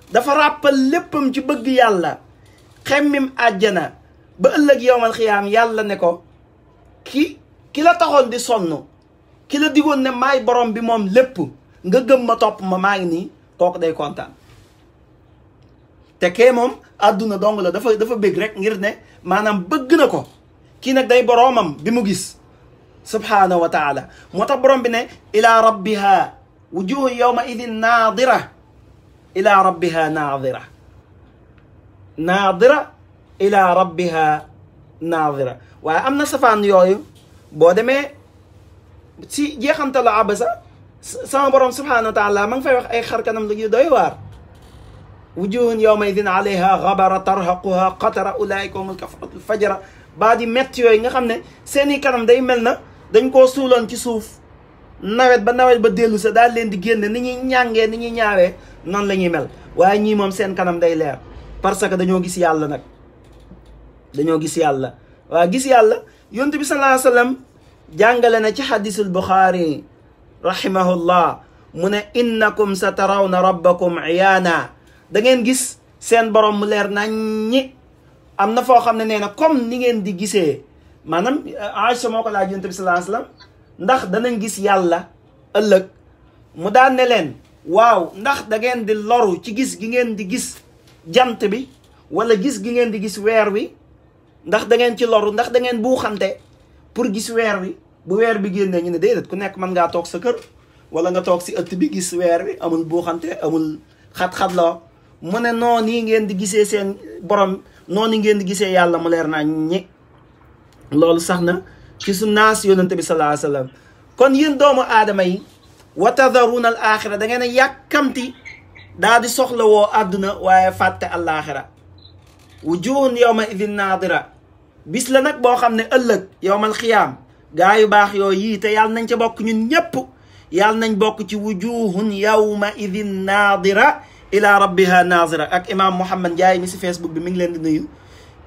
dafa rappel léppam ci bëgg yalla xemim aljana ba ëlëk yowmal khiyam yalla ne ko ki ki la taxone di sonno ki la digone ne borom bi mom lepp nga gëm ma top ma day contane te kee moom àdduna dong la dafa dafa beug rek ngir ne manam beug na ko kii nag day boromam bi mu gis subhanahu wa taala moo borom bi ne ila rabbiha wujuhu yawma idhin nadira ila rabbiha nadira nadira ila rabbiha nadira wa amna safan safaan bo deme ci si jeexanta abasa sama borom subhanahu wa taala mang fay wax ay xarkanam lu yu doy war wujuhun yawmaidin alayha ghabara tarhaquha qatara ulaika humul kafaratul fajara baa di métti yooyu nga xam ne seeni kanam day mel na dañ koo suuloon ci suuf nawet ba nawet ba dellu sa daal leen di génne ni ñuy ñàngee ni ñuy ñaawee noonu la ñuy mel waaye ñii moom seen kanam day leer parce que dañoo gis yàlla nag dañoo gis yàlla waaw gis yàlla yontu bi sallallahu alayhi jàngale na ci xadisul buxaari rahimahullah mu ne innakum sa tarawna rabbakum da ngeen gis seen borom mu leer ñi am na foo xam ne nee na comme ni ngeen di gisee maanaam euh, Aïcha moo ko laaj yonent bi sallallahu ndax danañ gis yàlla ëllëg mu daan ne leen waaw ndax da ngeen di loru ci gis gi ngeen di gis jant bi wala gis gi ngeen di gis weer wi ndax dangeen ci loru ndax da ngeen buuxante pour gis weer wi bu weer bi génnee ñu ne déedéet ku nekk mën ngaa toog sa kër wala nga toog si ëtt bi gis weer wi amul buuxante amul xat-xat la mu ne noonu yi ngeen di gisee seen borom noonu ngeen di gisee yàlla mu leer naa ñi loolu sax na ci su naas yonante bi salaa sallam kon yéen doomu aadama yi wa tadaruuna al axira da ngeen yàkkamti daa di soxla woo àdduna waaye fàtte allaaxira wujuhun yawma idin naadira bis la nag boo xam ne ëllëg yowmal xiyaam gaa yu baax yoo yiite yàlla nañ ci bokk ñun ñépp yàlla nañ bokk ci wujuhun yawma idin naadira ila rabbiha nazira ak imam Mouhamed Ndiaye mi si Facebook bi mi ngi leen di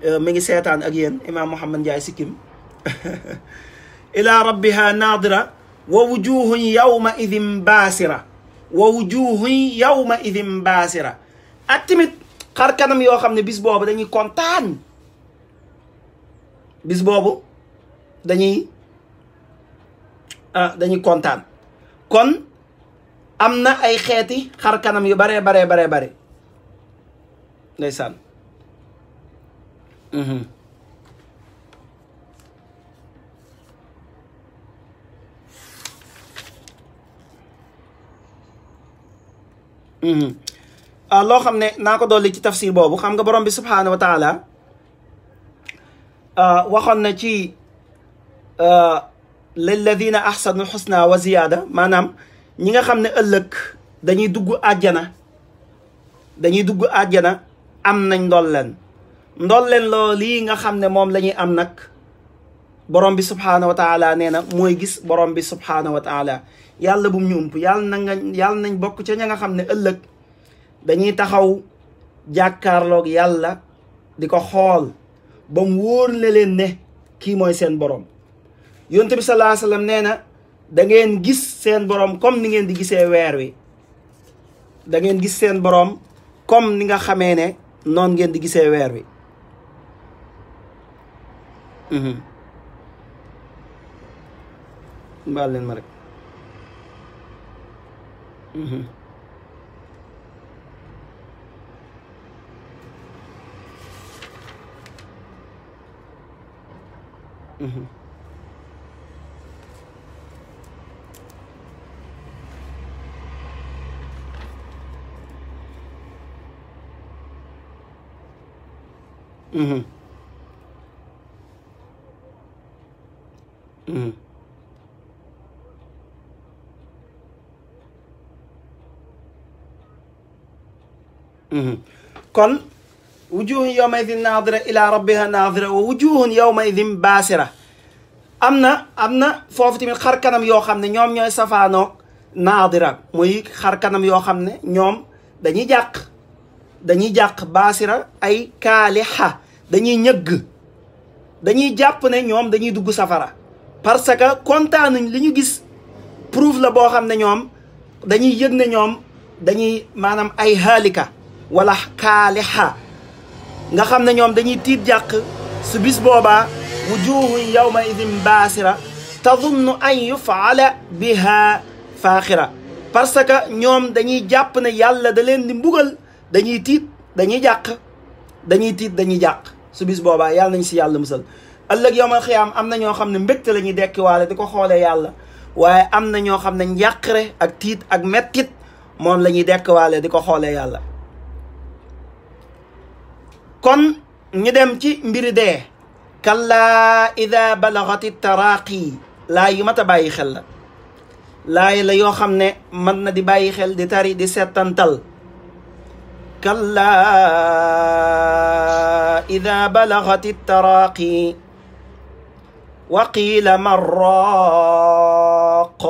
euh, ngi seetaan ak yéen imam Mouhamed Ndiaye si kim ila rabbiha nadira wa wujuhun yawma idin baasira wa wujuhun yawma idin baasira ak tamit xar kanam yoo xam ne bis boobu dañuy kontaan bis boobu dañuy ah, dañuy kontaan am na ay xeeti xar kanam yu baree baree baree bare ndeysaan mhm. Mhm. Ah, loo xam ne naa ko dolli ci tafsir boobu xam nga borom bi subhaanahu wa taala ah, waxoon na ci ah, lilladina ahsanu xusna wa ziyaada maanaam ñi nga xam ne ëllëg dañuy dugg àjjana dañuy dugg àjjana am nañ ndolleen ndolleen loo lii nga xam ne moom la ñuy am nag borom bi subhaanahu wa nee na mooy gis borom bi subhaanahu wa taala yàlla bum ñu ump yàlla nañ bokk ca ña nga xam ne ëllëg dañuy taxaw jàkkaarloog yàlla di ko xool ba mu wóor le leen ne kii mooy seen borom yonent bi sallallahu alayhi nee na da ngeen gis seen borom comme ni ngeen di gisee weer wi da ngeen gis seen borom comme ni nga xamee ne noon ngeen di gisee weer wi mhm. baal leen ma rek hmm اها اها kon wujuhun yawmaidin naadira ila rabbiha naadira wa wujuhun yawmaidin baasira am na am na foofu tamit xar kanam yoo xam ne ñoom ñooy safaanoog naadira muy xar kanam yoo xam ne ñoom dañuy jàq dañuy jàq baasira ay kaalixa dañuy ñëgg dañuy jàpp ne ñoom dañuy dugg safara parce que kontaanuñ li ñu gis prouve la boo xam ne ñoom dañuy yëg ne ñoom dañuy maanaam ay haalika wala kaalixa nga xam ne ñoom dañuy tiit jàq su bis boobaa wujuhun yawma idin baasira tadunnu an yufaala biha faaxira parce que ñoom dañuy jàpp ne yàlla da leen di mbugal dañuy tiit dañuy jàq dañuy tiit dañuy jàq su bis boobaa yàlla nañ si yàlla musal ëllëg yowmal xiyaam am na ñoo xam ne mbégte la ñuy waale di ko xoolee yàlla waaye am na ñoo xam ne re ak tiit ak mettit moom la ñuy waale di ko xoolee yàlla kon ñu dem ci mbiri dee kallaa ida balagati taraaqi laay yu mat a bàyyi xel la lay la yoo xam ne mën na di bàyyi xel di tari di settantal كلا إذا بلغت التراقي وقيل مراق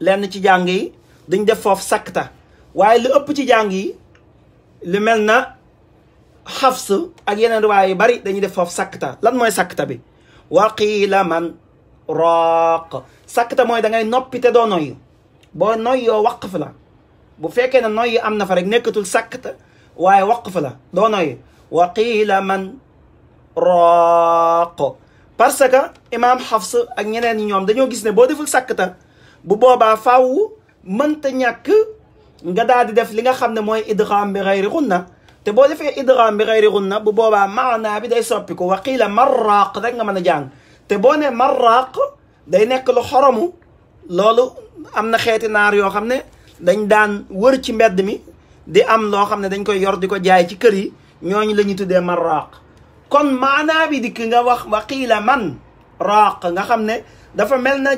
لأن تي جانغي دين دي فوف سكتة واي لو أب تي جانغي لو ملنا حفص أجينا رواي بري دين دي فوف سكتة لن موي سكتة بي وقيل من راق سكتة موي دنجي نوبي تدو نوي بو نوي وقف لا بو فيكي نوي أمنا فرق نكتل سكتة واي وقف la دوناي وقيل من راق بارسكا امام حفص اك نينن نيوم دانيو غيس ني بو gis ساكتا بو بوبا فاو bu boobaa faaw nga daal di def li nga xamne moy idgham bi ghayri ghunna te bo defee idgham bi ghayri ghunna bu boba maana bi day soppi ko waqila marraq da nga mën jàng te bo ne marraq day nek lu haramu lolu amna xéti nar yo xamne xam dañ daan wër ci mbedd mi di am loo xam ne dañ koy yor di ko jaay ci kër yi ñooñu la ñuy kon mana bi dikk nga wax man raq nga xam ne dafa mel na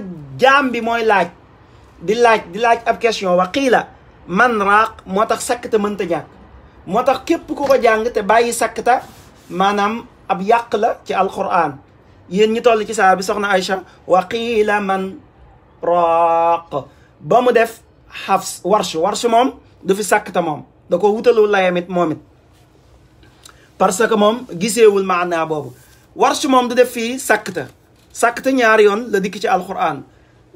bi mooy laaj di laaj di laaj ab question waqiila man raq moo tax sakkta mënta ñàkk moo tax képp ku ko jàng te bàyyi sakkta maanaam ab yàq la ci alquran yéen ñi toll ci bi soxna man raq. ba def xafs warsh warsh mom. du fi sàkk te moom da ko wutalul layam it moom parce que moom giseewul maana boobu warsh moom du def fii sàkkta sàkkta ñaar yoon la dikk ci alquran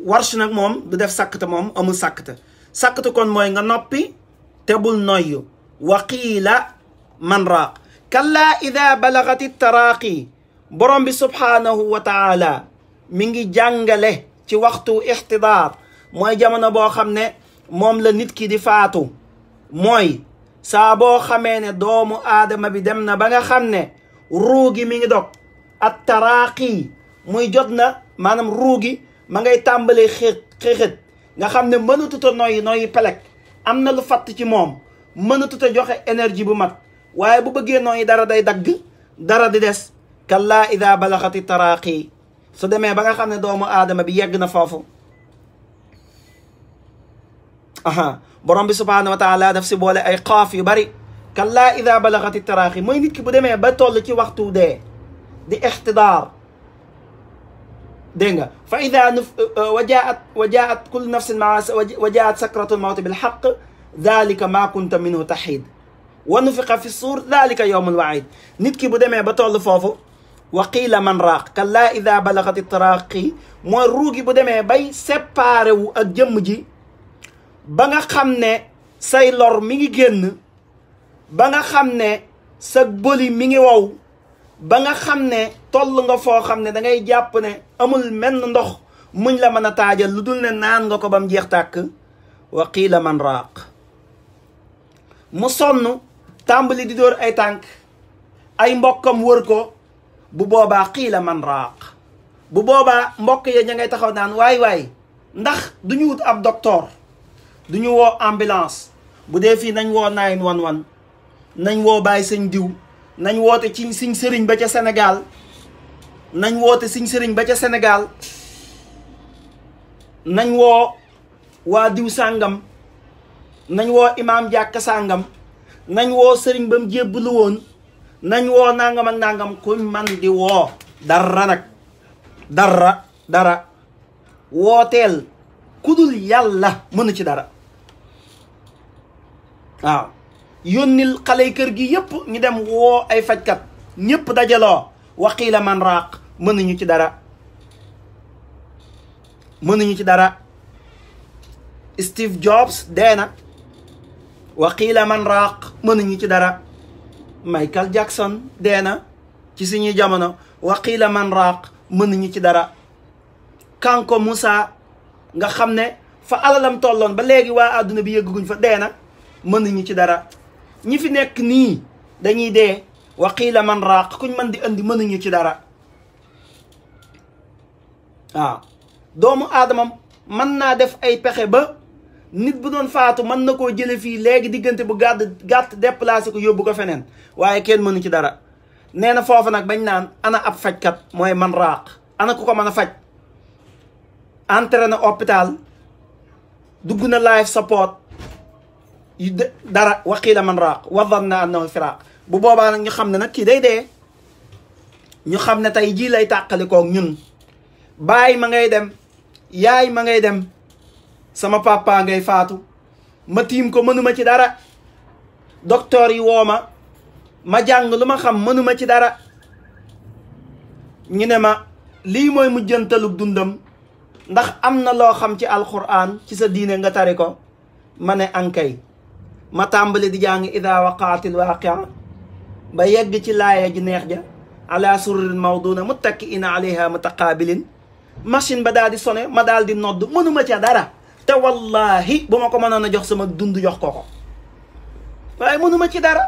warsh nag moom du def sàkkta moom amul sàkkta sàkkta kon mooy nga noppi te bul noyyu wa qila man raaq kallaa ida balagati taraaqi borom bi subhanahu wa taala mi ngi jàngale ci waxtu ixtidaar mooy jamono boo xam ne moom la nit ki di faatu mooy saa boo xamee ne doomu aadama bi dem na ba nga xam ne ruugi mi ngi dog at taraaqi muy jot na maanaam ruugi ma ngay tàmbalee xeex xeexit nga xam ne mënatuta noyyi noyyi pelek am na lu fatt ci moom mënatuta joxe énergie bu mat waaye bu bëggee nooyi dara day dagg dara di des kallaa ida balaxati taraaqi su demee ba nga xam ne doomu aadama bi yegg na foofu aha برام سبحانه وتعالى نفسي بولا ايقاف يبري كلا اذا بلغت التراخي مو نيت كبو دمي بتول لكي وقتو دي دي احتضار دينغا فاذا نف... وجاءت وجاءت كل نفس مع وجاءت سكره الموت بالحق ذلك ما كنت منه تحيد ونفق في الصور ذلك يوم الوعيد نيت كبو دمي بتول فوفو وقيل من راق كلا اذا بلغت التراخي مو روغي بودمي باي سيباريو اك جمجي ba nga xam ne say lor mi ngi génn ba nga xam ne sa bëli mi ngi wow ba nga xam ne toll nga foo xam ne dangay jàpp ne amul menn ndox muñ la mën a taajal lu dul ne naan nga ko ba mu jeex tàkk wa qiila man raaq mu sonn tàmbali di dóor ay tànk ay mbokkam wër ko bu boobaa qiila man raaq bu booba mbokk ya ña ngay taxaw naan waay waay ndax du ñu wut ab docteur du ñu woo ambulance bu dee fii nañ woo 911 nañ woo bàyyi sëñ diw nañ woote ci siñ sëriñ ba ca Sénégal nañ woote siñ sëriñ ba ca Sénégal nañ woo waa diw sàngam nañ woo imaam jàkk sàngam nañ woo sëriñ bam mu nañ woo nangama ak nangam kuñ man woo dara nag dara dara wooteel kudul yàlla mën mënu ci dara waaw yónnil xale kër gi yëpp ñu dem woo ay fajkat ñëpp dajaloo waqiila man raaq mënuñu ci dara mënuñu ci dara Steve Jobs dee na waqiila man raaq mënuñu ci dara Michael Jackson dee na ci suñuy jamono waqiila man raaq mënuñu ci dara Kanko Moussa nga xam ne fa alalam tolloon ba léegi waa àdduna bi yëgguñ fa dee na mënuñu ci dara ñi fi nekk nii dañuy dee wa man raaq kuñ mën di andi mënuñu ci dara waaw doomu aadamam mën naa def ay pexe ba nit bu doon faatu mën na koo jële fii léegi diggante bu gàdd gàtt déplacé ko yóbbu ko feneen waaye kenn mënu ci dara nee na foofu nag bañ naan ana ab fajkat mooy man raaq ana ku ko mën a faj entré na hôpital dugg na life support dara waqila man raq wa dhanna annahu firaq bu boba nak ñu xamne nak ki day dee ñu xamne tay ji lay tàqalikoog ñun bay ma ngay dem yaay ma ngay dem sama papa ngay faatu ma tim ko mënuma ci dara docteur yi woma ma jang luma xam mënuma ci dara ñu ne ma li moy mujjantalug dundam ndax amna lo xam ci alquran ci sa diine nga tariko mané ankay ma tàmbali di jàng ida waqatil waqi'a ba yegg ci laye ji neex ja ala sururin mawduna muttaki'in alayha mutaqabilin machine ba daal di sone ma daal di nodd munuma ci dara ta wallahi buma ko manona jox sama dundu jox koko way munuma ci dara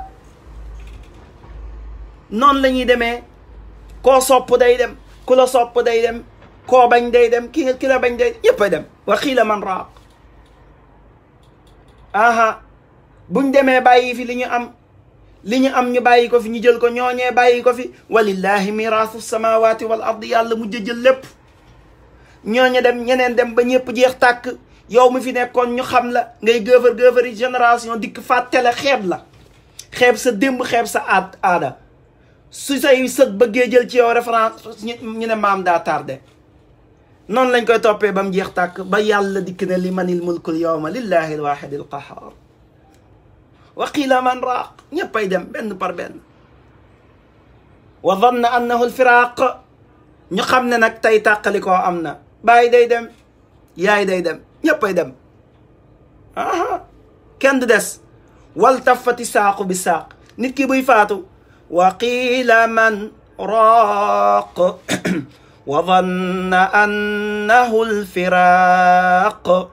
non lañuy démé ko koo sopp day dem ku la sopp day dem ko bañ day dem ki ki la bañ day ñëpp dem wa khila man raq aha buñ démé bàyyi fi liñu am liñu am ñu bàyyi ko fi ñu jël ko ñoñé bàyyi ko fi walillahi miraasu samawati wal ardi yàlla mu jël lépp ñoñé dem ñeneen dem ba ñëpp jeex tak yow mu fi nekkon ñu xam la ngay geuver geuver génération dik fàtte la xeeb la xeeb sa démb xeeb sa aad aada su say sët bëggé jël ci yow référence ñu ne maam da tardé non lañ koy topé bam jeex tak ba yàlla dik ne limanil manil mulkul yowma lillahi alwaxidi qahhar وقيل من راق يبا يدم بين بربين وظن أنه الفراق نقمنا نكتاي تاقلك وأمنا باي ديدم يا ديدم يبا يدم أها كان دس والتفت ساق بساق نتكي بي فاتو وقيل من راق وظن أنه الفراق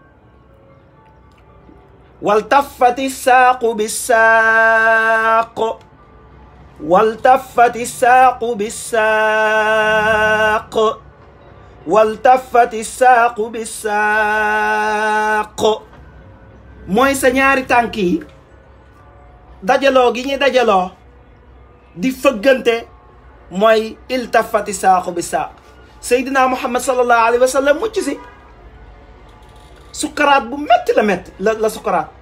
wal taffati saqu bisaq wal taffati saqu bisaq wal taffati saqu bisaq Moy sa ñaari tànk dajalo dajaloo gi ñu dajaloo di fëggante mooy iltafati saaqu bi saaq seydina muhammad sallallahu Alaihi Wasallam sallam si bu metti la metti la sukarat.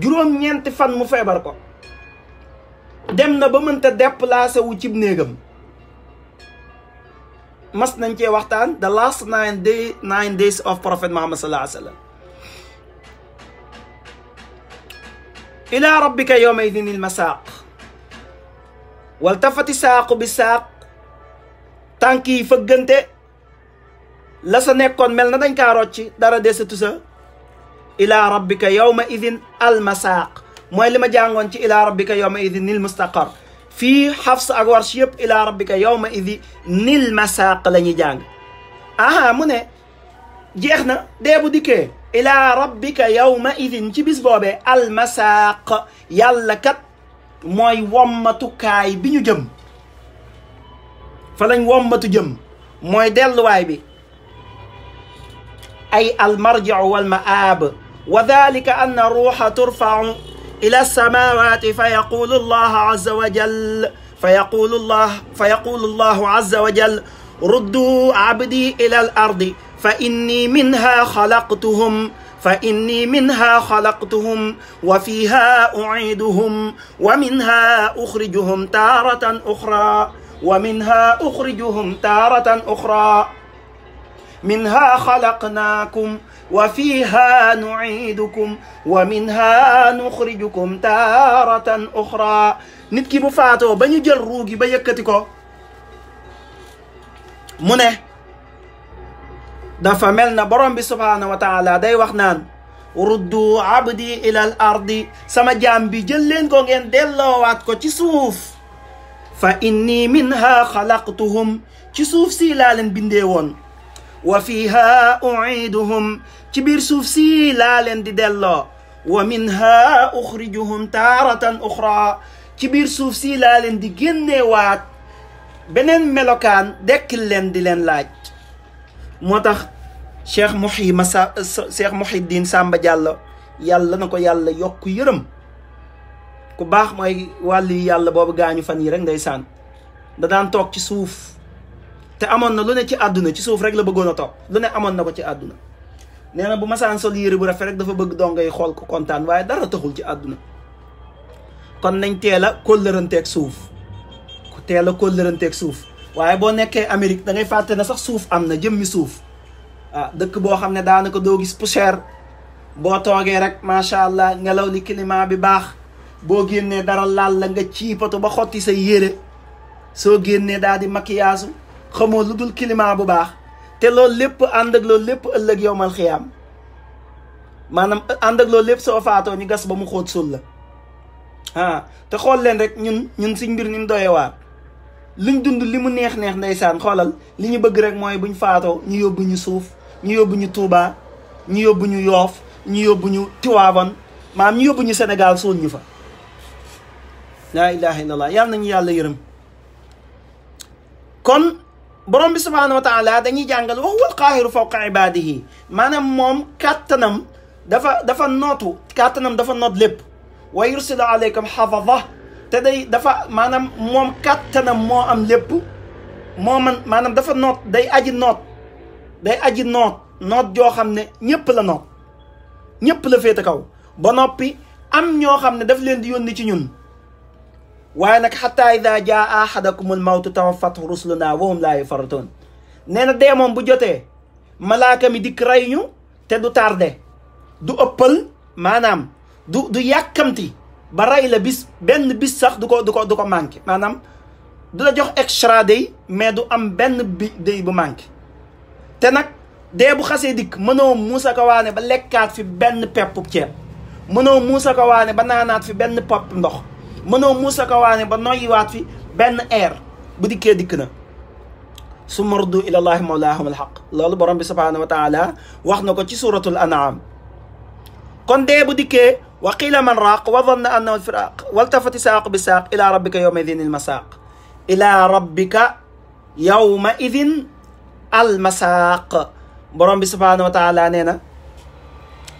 juróom-ñeenti fan mu feebar ko dem na ba mënta déplacé wu cib néegam mas nañ cee waxtaan the last nine day nine days of prophet Muhammad sallallahu alayhi wa ila rabbika yawma idin il masaaq waltafati saaqu bi saaq tànk yi fëggante la sa nekkoon mel dañ kaa rocci dara desatu sa الى ربك يوم اذن المساق موي لما جانغون الى ربك يوم اذن المستقر في حفص اغوار شيب الى ربك يوم اذن المساق لا جانغ اها مو نه جيخنا ديبو ديكي الى ربك يوم اذن تي بيس بوبي المساق يالا كات موي وماتو كاي بينو جيم فلان وماتو جيم موي ديلو واي بي اي المرجع والمآب وذلك أن الروح ترفع إلى السماوات فيقول الله عز وجل فيقول الله فيقول الله عز وجل ردوا عبدي إلى الأرض فإني منها خلقتهم فإني منها خلقتهم وفيها أعيدهم ومنها أخرجهم تارة أخرى ومنها أخرجهم تارة أخرى منها خلقناكم وفيها نعيدكم ومنها نخرجكم تارة أخرى نيت كي بفاتو بانيو جيل روغي با يكتيكو موني دا فاملنا بروم بي سبحانه وتعالى داي واخنان ردو عبدي الى الارض سما جامبي جيل لين كو نين ديلو وات كو تي سوف فاني منها خلقتهم تي سوف سي لالن بيندي wa fiha uiduhum ci biir suuf si laa leen di delloo wa minha uxrijuhum taaratan uxra ci biir suuf si laaleen leen di génneewaat beneen melokaan dekkil leen di leen laaj moo tax cheikh muhi masa cheikh muhiddin sàmba jàllo yàlla na ko yàlla yokk yërëm ku baax mooy wàllu yàlla boobu gaañu fan yi rek ndeysaan da ci suuf te amoon na lu ne ci àdduna ci suuf rek la bëggoon a topp lu ne amoon na ko ci àdduna nee na bu masaan sol yére bu rafet rek dafa bëgg ngay xool ko kontaan waaye dara taxul ci àdduna kon nañ teel a kóllëranteeg suuf ku teel a kóllëranteeg suuf waaye boo nekkee Amérique da ngay fàtte na sax suuf am na jëmmi suuf ah dëkk boo xam ne daanaka doo gis poussière boo toogee rek macha allah ngelaw li climat bi baax boo génnee dara laal la nga ci ciipatu ba xotti say yére soo génnee daal di makiyaasu xamoo lu dul climat bu baax te loolu lépp ànd ak loolu lépp ëllëg yowmal xiyaam maanaam ànd ak lépp soo faatoo ñu gas ba mu xóot sol la ah te xool leen rek ñun ñun suñ mbir ni mu doyee waar luñ dund li mu neex neex ndeysaan xoolal li ñu bëgg rek mooy buñ faatoo ñu yóbbu ñu suuf ñu yóbbu ñu Touba ñu yóbbu ñu Yoof ñu yóbbu ñu Tiwaawan maam ñu yóbbu ñu Sénégal suul ñu fa laa ilaha illallah yàlla nañu yàlla yërëm kon بروم بي سبحانه وتعالى داني جانغال وهو القاهر فوق عباده مانام موم كاتنم دافا دافا نوتو كاتنم دافا نوت ليب ويرسل عليكم حفظه تدي دافا مانام موم كاتنم مو ام ليب موم مانام دافا نوت داي اجي نوت داي اجي نوت نوت جو خامني نيب لا نوت نيب لا فيتا كاو با نوبي ام ньо خامني داف لين دي يوني وانك حتى اذا جاء احدكم الموت توفته رسلنا وهم لا يفرطون نينا ديمون بو جوتي ملائكه مي ديك راينو تي دو تاردي دو اوبل مانام دو دو ياكمتي براي لا بيس بن بيس صاح دوكو دوكو دوكو مانكي مانام دو لا جوخ اكسترا دي مي دو ام بن بي دي بو مانكي تي ناك دي بو خاسي ديك منو موسى كواني با ليكات في بن بيب تيب منو موسى كواني با نانات في بن بوب نوخ mëno musa ko wane ba noy wat fi ben air bu dikkee dik na sumardu ila allah mawlahum alhaq lolu borom bi subhanahu wa taala wax na ko ci suratul an'am kon de bu dikkee wa qila man raq wa dhanna annahu alfiraq waltafati saaq bi saaq ila rabbika yawma idhin almasaq ila rabbika yawma idhin almasaq borom bi subhanahu wa taala neena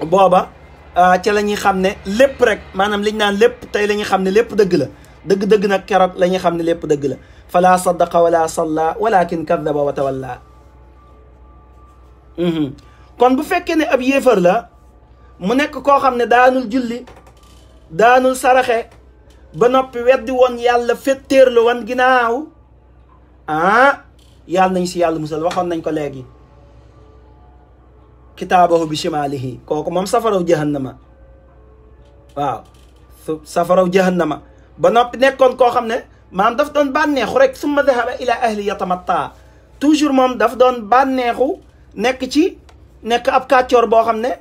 boba ci lañuy xamne lépp rek manam liñ nane lépp tay lañuy xamne lépp deug la deug deug nak kérok lañuy xamne lépp deug la fala sadaqa wala salla walakin kadhaba wa tawalla kon bu fekke ne ab yefer la mu nek ko xamne daanul julli daanul saraxe ba nopi weddi won yàlla féttéerlu won ginaaw ah yàlla nañ ci yàlla musal waxon nañ ko léegi كتابه بشماله كوكو مام سفرو جهنم واو سفرو جهنم با نوب نيكون كو خامني مام داف دون بانيخو رك ثم ذهب الى اهل يتمطى توجور مام داف دون بانيخو نيك تي نيك اب كاتيور بو خامني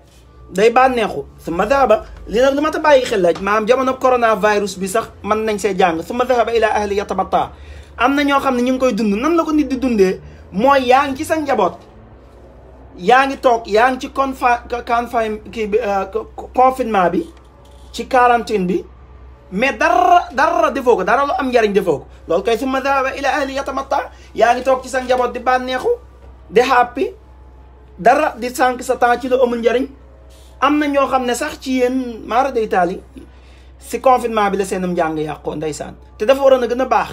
داي بانيخو ثم ذهب لي نك دوما تباي خلاج مام جامونو كورونا فيروس بي صاح من نان سي جانغ ثم ذهب الى اهل يتمطى امنا ньо خامني نين كوي دوند نان لاكو نيت دي دوندي موي يانغ سان جابوت yaa ngi toog yaa ngi ci confin kii bi euh, confinement bi ci quarantaine bi mais dara dara defoo ko dara lu am njariñ defoo ko loolu kay summa dhahaba ila ahli yatamatta yaa ngi toog ci sa njaboot di bànneexu di happy dara di sànq sa temps ci lu amul njariñ am na ñoo xam ne sax ci yéen maara day taali si confinement bi la seenum njàng yàqoo ndeysaan te dafa waroon a gën a baax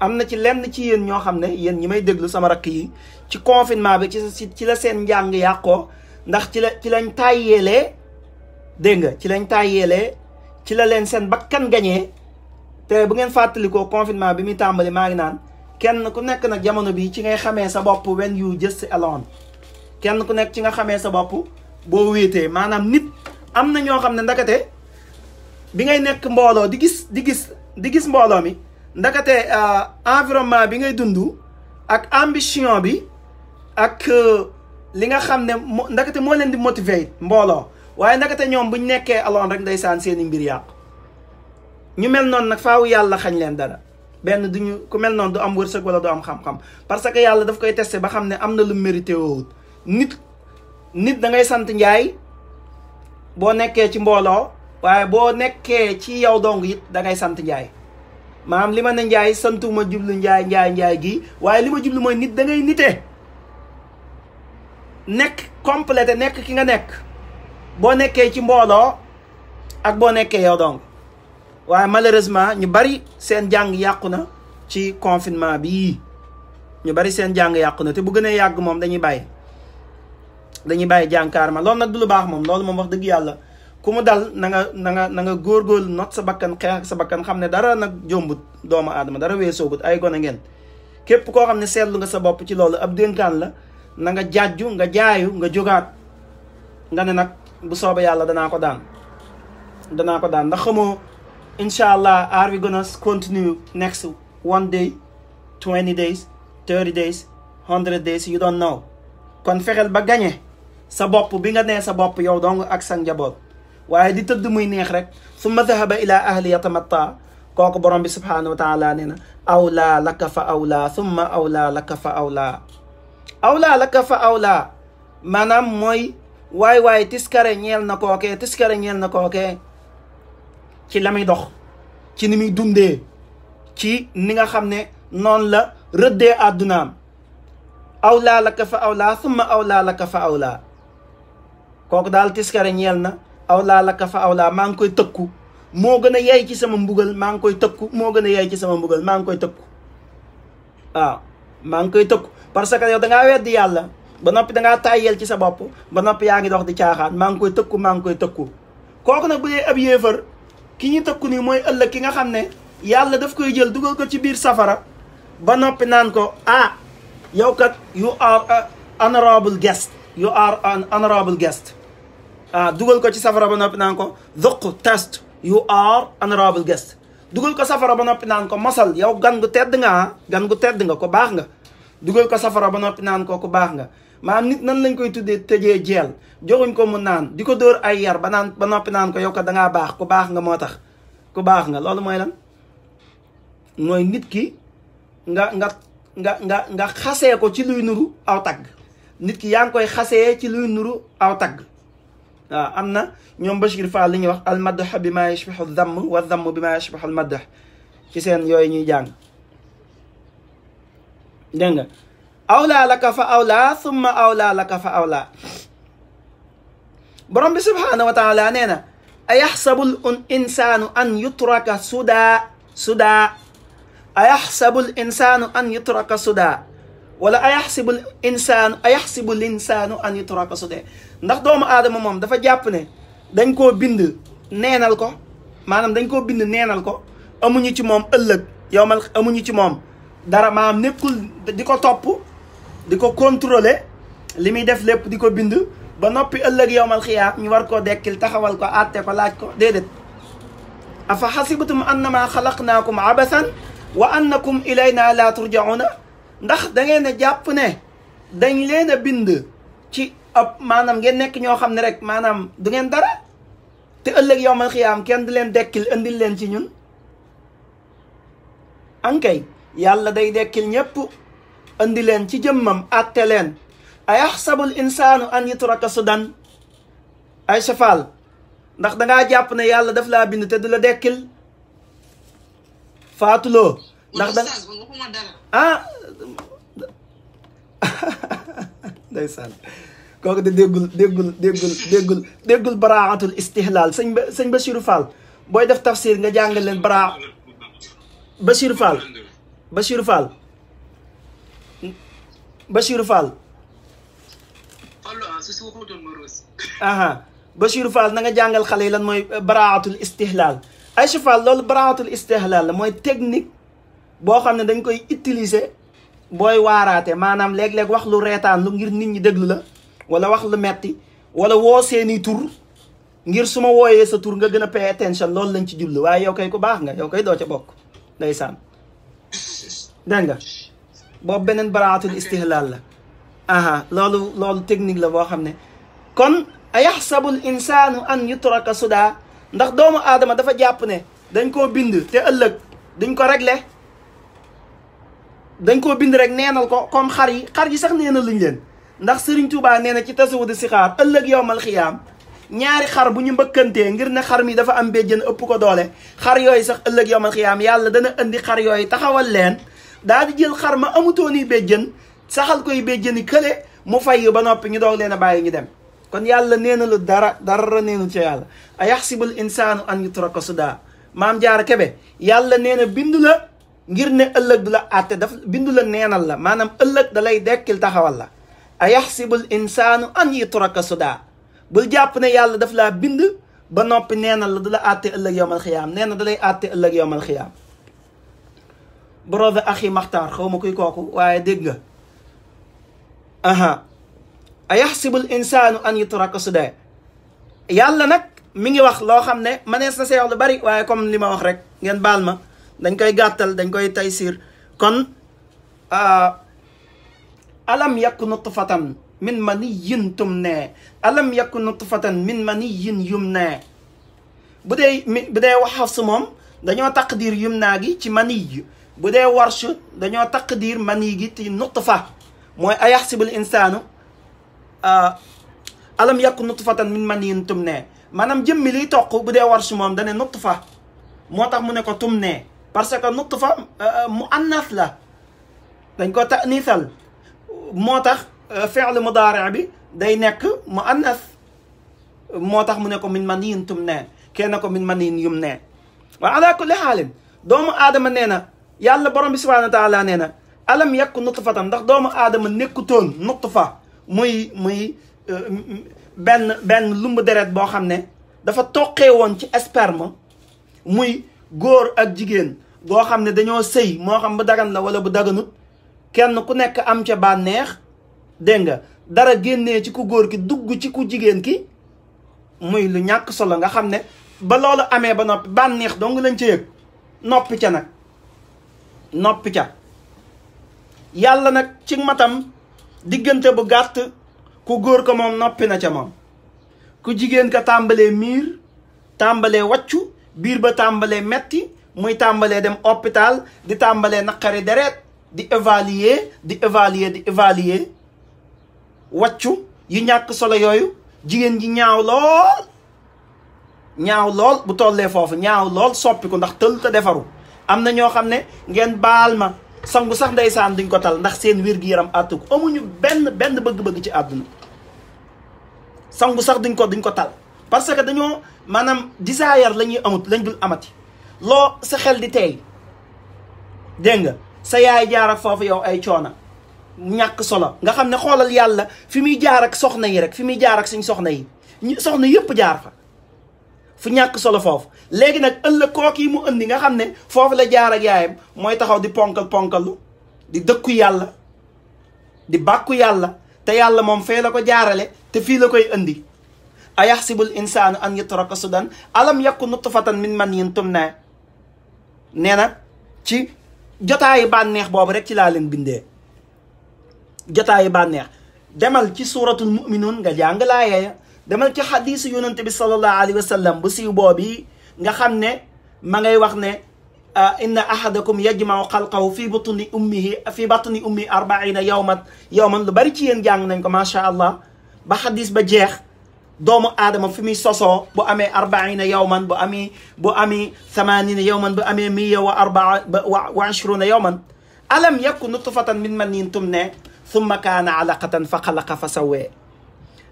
am na ci lenn ci yéen ñoo xam ne yéen ñi may déglu sama rakk yi ci confinement bi ci ci la seen njàng yàqoo ndax ci la ci lañ tàyyeelee dégg nga ci lañ tàyyeelee ci la leen seen bakkan gañee te bu ngeen fàttalikoo confinement bi muy tàmbali maa ngi naan kenn ku nekk na jamono bi ci ngay xamee sa bopp when you just alone kenn ku nekk ci nga xamee sa bopp boo wéetee maanaam nit am na ñoo xam ne ndakate bi ngay nekk mbooloo di gis di gis di gis mbooloo mi ndakate euh, environnement bi ngay dund ak ambition bi ak euh, li nga xam ne mo ndakate moo leen di motiver mbooloo waaye ndakate ñoom buñ nekkee aloon rek nday ndeysaan seeni mbir yàqu ñu mel noonu nag faaw yàlla xañ leen dara benn duñu ku mel noonu du am wërsëg wala du am xam-xam parce que yàlla daf koy testé ba xam ne am na lu mérité woowut nit nit dangay sant njaay boo nekkee ci mbooloo waaye boo nekkee ci yow dong yit da ngay sant njaay maam li ma ne njaay santuma jublu njaay njaay njaay gi waaye li ma jublu mooy nit da ngay nite nekk complété nekk ki nga nekk boo nekkee ci mbooloo ak boo nekkee yow donc waaye malheureusement ñu bari seen jàng yàqu na ci confinement bi ñu bari seen jàng yàqu na te bu gënee yàgg moom dañu bàyyi dañu bàyyi jànkaar ma lool nag du lu baax moom loolu moom wax dëgg yàlla ku dal na nga na nga na nga góorgóorlu not sa bakkan xeex ak sa bakkan xam ne dara nag jombut doomu aadama dara weesoobut ay gone ngeen képp koo xam ne seetlu nga sa bopp ci loolu ab dénkaan la na nga jaaju nga jaayu nga jogaat nga ne nag bu soobee yàlla danaa ko daan danaa ko daan ndax xamoo incha allah are we gonna continue next one day twenty days thirty days hundred days you don't know kon fexeel ba gañe sa bopp bi nga nee sa bopp yow dong ak sa njaboot waye di tëdd muy neex rek ma dhahaba ila ahli yatamatta koku borom bi subhanahu wa taala neena awla awlaa laka fa awla thumma awla laka fa awla awla laka fa awla manam moy way way tiskare ñel na ke tiskare ñel na ke ci la dox ci ni muy dundee ci ni nga xamné non la redde aduna awla laka fa awla thumma awla laka fa awla koku dal tiskare ñel na awlaa laka fa awlaa maa ngi koy tëkku moo gën a yey ci sama mbugal maa ngi koy tëkku moo gën a yey ci sama mbugal maa ngi koy tëkku waaw maa ngi koy tëkku parce que yow dangaa weddi yàlla ba noppi dangaa tàyyeel ci sa bopp ba noppi yaa ngi dox di caaxaan maa ngi koy tëkku maa ngi koy tëkku kooku nag bu dee ab yéefar ki ñu tëkku nii mooy ëllëg ki nga xam ne yàlla daf koy jël dugal ko ci biir safara ba noppi naan ko ah yow kat you are an honorable guest you are an honorable guest Ah, dugal ko ci safara ba noppi naan ko dhuq test you are an arrival guest dugal ko safara ba noppi naan ko masal yow gan gu tedd nga gan gu tedd nga ko baax nga dugal ko safara ba noppi naan ko ko baax nga maanaam nit nan lañ koy tuddé tejé jeel joxuñ ko mu naan diko ko ay yar ba naan ba noppi naan ko yow ko da nga baax ko baax nga motax ko nga moy lan moy nit ki nga nga nga nga nga xasse ko ci luy nuru aw tag nit ki yang koy xasse ci luy nuru aw tag waaw am na ñoom Bachir Fall li ñuy wax almadh bi ma yashbihu dhamm wa dhamm bi ma yashbihu almadh ci seen yooyu ñuy jàng dégg nga awlaa laka fa awlaa thumma awlaa laka fa awlaa borom bi subhaanahu wa taala nee na ayaxsabul insaanu an yutraka suda suda ayaxsabul insaanu an yutraka suda wala ayaxsibul insaanu ayaxsibul insaanu an yutraka suda ndax doomu aadama moom dafa jàpp ne dañ koo bind neenal ko maanaam dañ koo bind neenal ko amuñu ci moom ëllëg yow mal amuñu ci moom dara maanaam nekkul di ko topp di ko contrôler li muy def lépp di ko bind ba noppi ëllëg yowmal xiyaam ñu war koo dekkil taxawal ko àtte ko laaj ko déedéet afa xasibtum annama xalaqnaakum abasan wa annakum ilayna la turjauna ndax da ngeen a jàpp ne dañ leen a bind ci ab ngeen nekk ñoo xam ne rek maanaam du ngeen dara te ëllëg yowmal xiyaam kenn du leen dekkil indil leen ci ñun ankay yàlla day dekkil ñépp indi leen ci jëmmam atte leen ayaxsabul insaanu an yutraka sudan ay safal ndax dangaa jàpp ne yàlla daf laa bind te du la dekkil faatuloo ndax da ah ndeysaan كوك دي ديغول ديغول ديغول ديغول ديغول براعة الاستهلال سيغ ba sëñ Bachirou Fall booy def tafsir nga jàngal len bara بشير فال بشير فال بشير فال اها بشير فال nga jàngal xale lan moy براعة الاستهلال اي Fall loolu baraatul istihlaal la mooy technique boo xam ne koy utiliser boy warate manam leg leg wax lu reetaan lu ngir nit ñi déglu la wala wax lu metti wala woo seeni tur ngir su ma wooyee sa tur nga gën a pay lool loolu lañ ci jublu waaye yow kay ku baax nga yow kay ca bokk ndeysaan dégg nga boobu beneen baraatul istihlaal la aha loolu technique la boo xam ne kon ayaxsabu l insaanu an yutraka suda ndax doomu aadama dafa jàpp ne dañ koo bind te ëllëg duñ ko régler dañ koo bind rek neenal ko comme xar yi xar yi sax neenaluñ leen ndax Serigne Touba nee na ci tasawudu sixaar ëllëg yowmal xiyaam ñaari xar bu ñu mbëkkantee ngir ne xar mi dafa am béjjën ëpp ko doole xar yooyu sax ëllëg yowmal xiyaam yàlla dana indi xar yooyu taxawal leen daa di jël xar ma amutooni béjjën saxal koy béjjëni kële mu fay ba noppi ñu doog leen a bàyyi ñu dem kon yàlla nee na lu dara dara neenu ci yàlla a yaxsibul insaanu an yutraka suda maam jaar kebe yàlla nee na bindu la ngir ne ëllëg du la àtte daf bindu la neenal la maanaam ëllëg da dekkil taxawal la a yaxsibul insaanu an yutraka suda bul jàpp ne yàlla daf laa bind ba noppi nee na la du la àtte ëllëg yowmal xiyaam nee na da lay àtte ëllëg yowmal xiyaam brother axi maxtaar xaw ma kuy kooku waaye dégg nga aha a yaxsibul insaanu an yutraka suda yàlla nag mi ngi wax loo xam ne manees na see wax lu bari waaye comme li ma wax rek ngeen baal ma dañ koy gàttal dañ koy taysiir kon ah, alam yakun nutfatan min maniyyin tumna alam yakun nutfatan min maniyyin yumna bu dee bu dee wax taqdir yumna gi ci maniy bu dee warsh dañoo taqdir maniy gi ci nutfa alam yakun nutfatan min maniyyin tumna maanaam jëmmi liy toq bu dee warsh moom dane nutfa moo mu ne ko tumne parce que nutfa mu annas la dañ ko moo tax fi'l mudaari bi day nekk mu annas moo tax mu ne ko min maniyin tum ne kee ne ko min maniyin yum ne wa ala kulli xaalin doomu aadama nee na yàlla borom bi subhanahu wa taala nee na alam yakku nutfatan ndax doomu aadama nekkutoon nutfa muy muy benn benn lumb deret boo xam ne dafa toqee woon ci sperme muy góor ak jigéen boo xam ne dañoo sëy moo xam bu dagan la wala bu daganut kenn ku nekk am ca bànneex dégg nga dara génnee ci ku góor ki dugg ci ku jigéen ki muy lu ñàkk solo nga xam ne ba loolu amee ba noppi bànneex dong lañ ca yëg noppi ca nag noppi ca yàlla nag ci matam diggante bu gàtt ku góor ko moom noppi na ca moom ku jigéen ka tàmbalee miir tàmbalee waccu biir ba tàmbalee metti muy tàmbalee dem hôpital di tàmbalee naqari deret di évaluer di évaluer di évaluer wàccu yu ñàkk solo yooyu jigéen ji ñaaw lool ñaaw lool bu tollee foofu ñaaw lool soppi ko ndax tël te defaru am na ñoo xam ne ngeen baal ma sangu sax ndeysaan duñ ko tal ndax seen wér gi yaram àttu ko amuñu benn benn bëgg-bëgg ci àdduna sangu sax duñ ko duñ ko tal parce que dañoo maanaam desire la ñuy amut lañ dul amati loo sa xel di teey dégg nga sa yaay jaar ak foofu yow ay choona ñak solo nga xamne xolal yàlla fi mi jaar ak soxna yi rek fi mi jaar ak suñ soxna yi soxna yëpp jaar fa fu ñak solo fofu legi nak ëll ko ki mu indi nga xamne fofu la jaar ak yaayam moy taxaw di ponkal ponkalu di dëkku yàlla di bàkku yàlla te yàlla mom fe la ko jaarale te fi la koy indi ayaxsibul insaanu an yutraka sudan alam yakun nutfatan min man yantumna neena ci jotaayu bànneex boobu rek ci laa leen bindee jotaayu bànneex demal ci suuratul muminuun nga jàng laaya demal ci xadiisu yonante bi sallallahu alayhi wa bu siiw boobi nga xam ma ngay wax ne inna ahadakum yajmau xalqahu fi batni ummihi fi batni ummi arbaina yawman yawman lu bari ci yéen jàng nañ ko macha allah ba xadis ba jeex doomu aadama fi muy sosoo bu amee arbaina yawman bu amee bu amee thamanina yawman bu amee miya wa arbaa wa ashruna yawman alam yakun nutfatan min manin tumne thumma kaana alaqatan fa xalaqa fa sawee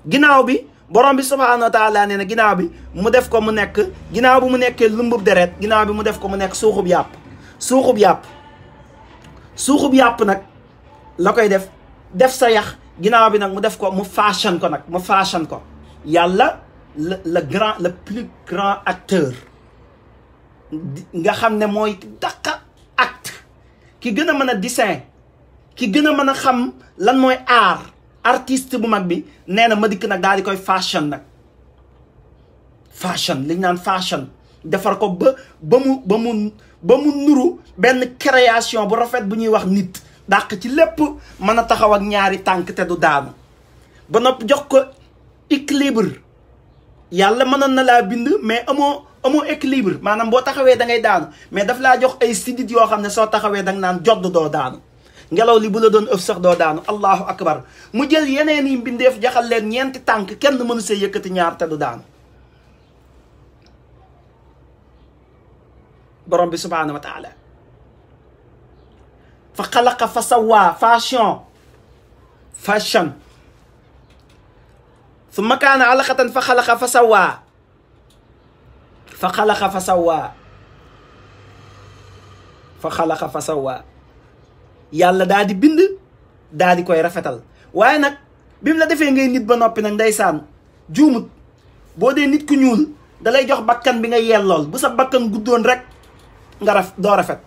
ginnaaw bi borom bi subhanahu wa taala nee na ginnaaw bi mu def ko mu nekk ginnaaw bi mu nekkee lumbub deret ginnaaw bi mu def ko mu nekk suuxub yàpp suuxub yàpp suuxub yàpp nag la koy def def sa yax ginnaaw bi nag mu def ko mu fashion ko nag mu fashion ko yàlla le le grand le plus grand acteur nga xam moy mooy daqa acte ki gëna mëna dessin ki gëna mëna xam lan moy art artiste bu mag bi nee ma dik nak daal dikoy fashion nak fashion li ñaan fashion defar ko ba ba mu ba mu ba mu nuru ben création bu rafet bu ñuy wax nit dàq ci lepp mëna taxaw ak ñaari tank te du daanu ba nopp jox ko équilibre yàlla mënoon na laa bind mais amoo amoo équilibre maanaam boo taxawee da ngay daanu mais daf laa jox ay sidit yoo xam ne soo taxawee dang naan jodd doo daanu ngelaw li bu la doon ëf sax doo daanu allahu akbar mu jël yeneen yi mbindeef jaxal leen ñeenti tànk kenn mënu see yëkkati ñaar te du daanu borom bi subhaanahu wa taala fa xalaqa fa sawaa fashion fashion ثم كان علقة فخلق fasa wa فسوى fasa wa yàlla fasa wa bind daa di koy rafetal waaye nag bi mu la defee ngay nit ba noppi nag ndeysaan juumut boo dee nit ku ñuul dalay jox bakkan bi nga yellool bu sa bakkan guddoon rek nga raf doo rafet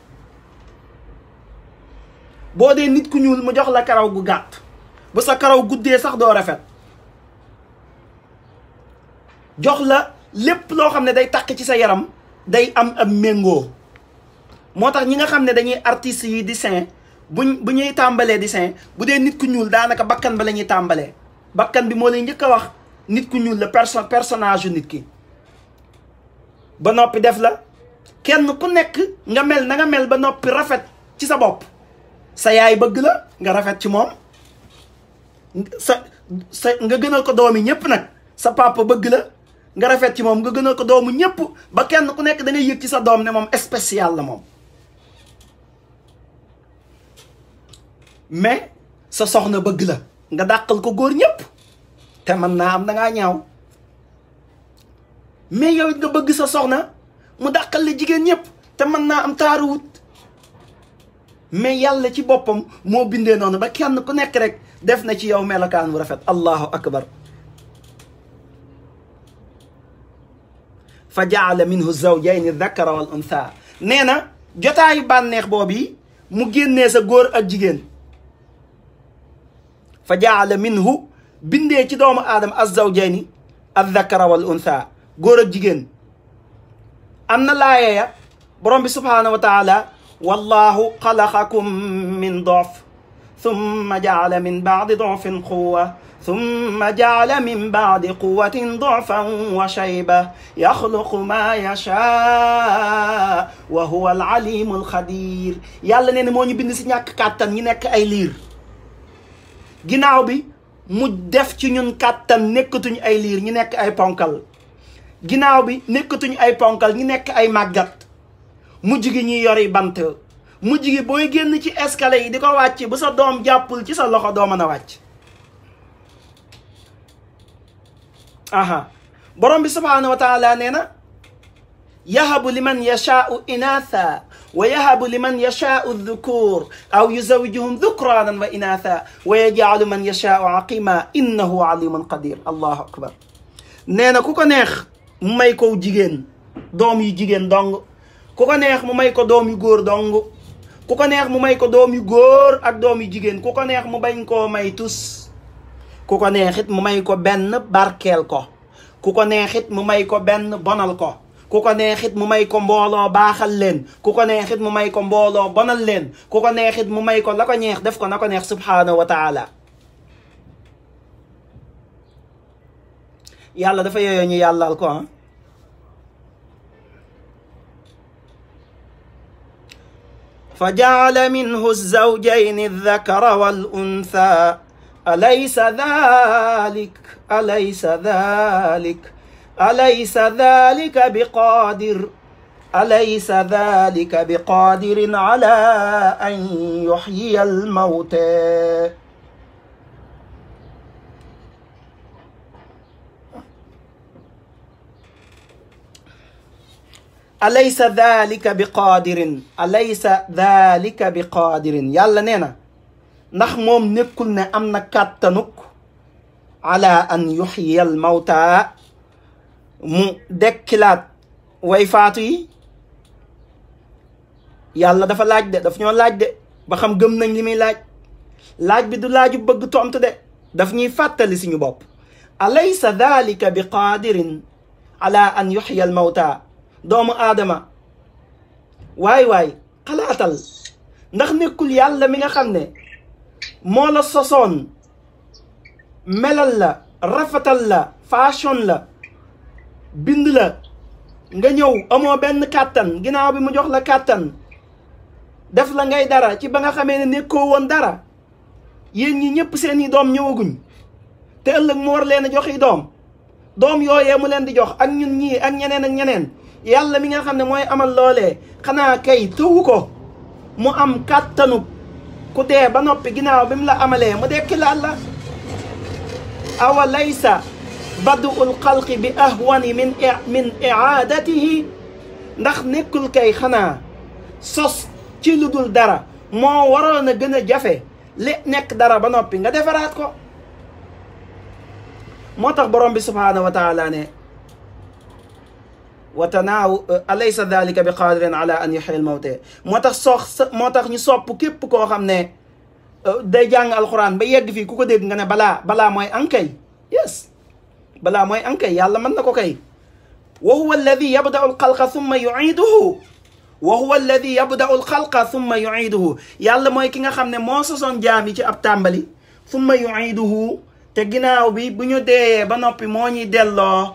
boo dee nit ku ñuul mu jox la karaw gu gàtt bu sa karaw guddee sax doo rafet jox la lépp loo xam ne day takk ci sa yaram day am am méngoo moo tax ñi nga xam ne dañuy artistes yi dessin buñ bu ñuy tàmbalee dessin bu dee nit ku ñuul daanaka bakkan ba la ñuy tàmbalee bakkan bi moo lay njëkk a wax nit ku ñuul la perso personnage yu nit ki ba noppi def la kenn ku nekk nga mel na nga mel ba noppi rafet ci sa bopp sa yaay bëgg la nga rafet ci moom sa sa nga gënal ko yi ñépp nag sa papa bëgg la nga rafet ci mom nga gënal ko doomu ñepp ba kenn ku nekk dañuy yëg ci sa doom ne mom spécial la mom mais sa soxna bëgg la nga dàqal ko góor ñëpp te man naa am da ngaa ñaaw mais yow nga bëgg sa soxna mu dàqal la jigéen ñëpp te man naa am taaruwut mais yàlla ci boppam moo bindee noonu ba kenn ku nekk rek def na ci yow melokaan bu rafet allahu akbar فجعل منه الزوجين الذكر والانثى نينا جوتاي بانيخ بوبي مو генي سا غور اك جيجين فجعل منه بيندي سي دوم ادم الزوجين الذكر والانثى غور اك جيجين امنا لايا بروم بي سبحانه وتعالى والله خلقكم من ضعف ثم جعل من بعد ضعف قوه ثم جعل من بعد قوة ضعفا وشيبة يخلق ما يشاء وهو العليم الخدير يالا نين موني بن سي نياك كاتان اي لير غيناو بي مو ديف سي نون اي لير ني اي بونكال غيناو بي نيكوتو اي بونكال ني اي ماغات مو ني يوري بانت مو جيغي بوي ген سي اسكالاي ديكو واتي بو دوم جابول سي سا لوخو دوما واتي aha borom bi subhanahu wa taala nee na yahabu liman yashaau inatha ويهب لمن يشاء الذكور أو يزوجهم ذكرانا وإناثا ويجعل من يشاء عقيما إنه عليم قدير الله أكبر نينا كوكو نيخ may ko jigéen doom yu jigéen dong ku ko neex mu may ko doom yu góor dong ku neex mu may ko doom yu góor ak doom yu jigéen ku neex mu bañ koo may tus ku ko neexit mu may ko benn barkeel ko ku ko neexit mu may ko benn bonal ko ku ko neexit mu may ko mbooloo baaxal leen ku ko neexit mu may ko mbooloo bonal leen ku ko neexit mu may ko la ko neex def ko na ko neex subhanahu wa taala yàlla dafa yooyoo ñu yàllal ko فجعل منه الزوجين الذكر والأنثى أليس ذلك أليس ذلك أليس ذلك بقادر أليس ذلك بقادر على أن يحيي الموتى أليس ذلك بقادر أليس ذلك بقادر يلا نينا ndax moom nekkul ne am na kàttanuk ala an yuxyiya al mawta mu dekkilaat way faatu yi yàlla dafa laaj de daf ñoo laaj de ba xam gëm nañ li muy laaj laaj bi du laaju bëgg tontu de daf ñuy fàttali suñu bopp alaysa dalika bi qaadirin ala an yuxya al mawta doomu aadama waay waay xalaatal ndax nekkul yàlla mi nga xam ne moo la sosoon melal la rafetal la fashion la bind la nga ñëw amoo benn kàttan ginnaaw bi mu jox la kàttan def la ngay dara ci ba nga xamee ne nekkoo woon dara yéen ñi ñëpp seeni doom ñëwaguñ te ëllëg mu war leen a joxi doom doom yooyee mu leen di jox ak ñun ñi ak ñeneen ak ñeneen yàlla mi nga xam ne mooy amal loolee xanaa kay tëwu ko mu am kàttanu كده بنوب جنا وبملا عمله مده كلا الله أو ليس بدء القلق بأهون من من إعادته نخن كل كي خنا صص تلو دول دارا ما ورا نجنا جفه لنك دارا بنوب جنا دفرات كو ما تخبرون بسبحانه وتعالى نه وتناو اليس ذلك بقادر على ان يحيي الموتى موتاخ سوخ موتاخ ني سوب كيب كو خامني داي جان القران با ييغ في كوكو ديغ غاني بلا بلا موي انكاي يس بلا موي انكاي يالا من نكو كاي وهو الذي يبدا الخلق ثم يعيده وهو الذي يبدا الخلق ثم يعيده يالا موي كيغا خامني مو سوسون جامي تي اب تامبالي ثم يعيده تي غيناو بي بو نيو دي با نوبي مو ني ديلو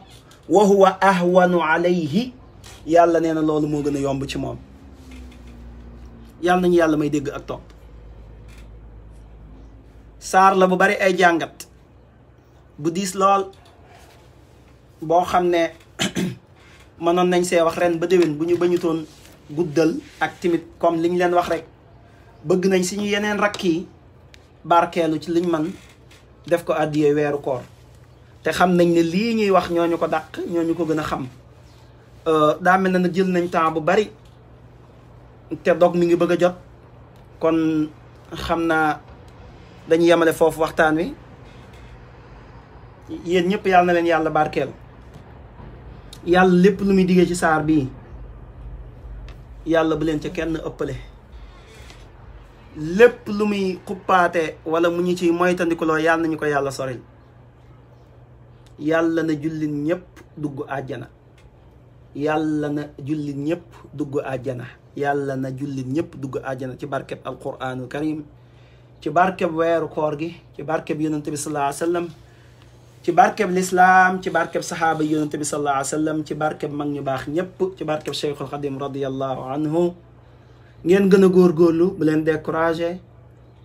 wa huwa ahwanu alayhi yàlla nee na loolu moo gën a yomb ci moom yàlla nañu yàlla may dégg ak topp saar la bu bari ay jàngat bu diis lool boo xam ne mënoon nañ see wax ren ba déwén bu ñu bañutoon guddal ak timit comme liñ leen wax rek bëgg nañ suñu yeneen rakk yi barkeelu ci liñ man def ko àddiyee weeru koor te xam nañ ne lii ñuy wax ñooñu ko dàq ñoo ñu ko gën a xam euh, daa mel na na jël nañ temps bu bari te dog mu ngi bëgg a jot kon xam naa dañuy yemale foofu waxtaan wi yéen ñëpp yàlla na leen yàlla barkeel yàlla lépp lu muy diggee ci saar bi yàlla bu leen ci kenn ëppale lépp lu muy xuppaate wala mu ñu ci moytandikuloo yàlla nañu ko yàlla soril yàlla na jullit ñëpp dugg àjjana yàlla na jullit ñëpp dugg àjjana yàlla na jullit ñëpp dugg àjjana ci barkeb alquraanul karim ci barkeb weeru koor gi ci barkeb yonente bi sallallahu alayhi wa sallam ci barkeb lislaam ci barkeb saxaaba yonente bi sallallahu alayhi wa sallam ci barkeb mag ñu baax ñëpp ci barkeb cheikhul xadim radiallahu anhu ngeen gën a góorgóorlu bu leen découragé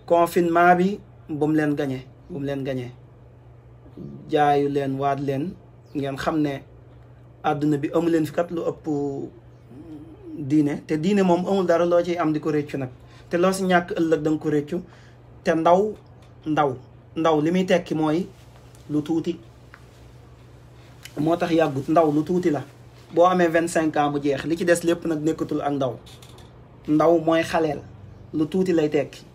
confinement bi bu mu leen gañe bu mu leen gañe jaayu leen waat leen ngeen xam ne àdduna bi amu leen fi kat lu ëpp diine te diine moom amul dara loo ciy am di ko réccu nag te loo si ñàkk ëllëg danga ko réccu te ndaw ndaw ndaw li muy tekki mooy lu tuuti moo tax yàggut ndaw lu tuuti la boo amee vingt cinq ans mu jeex li ci des lépp nag nekkatul ak ndaw ndaw mooy xaleel lu tuuti lay tekki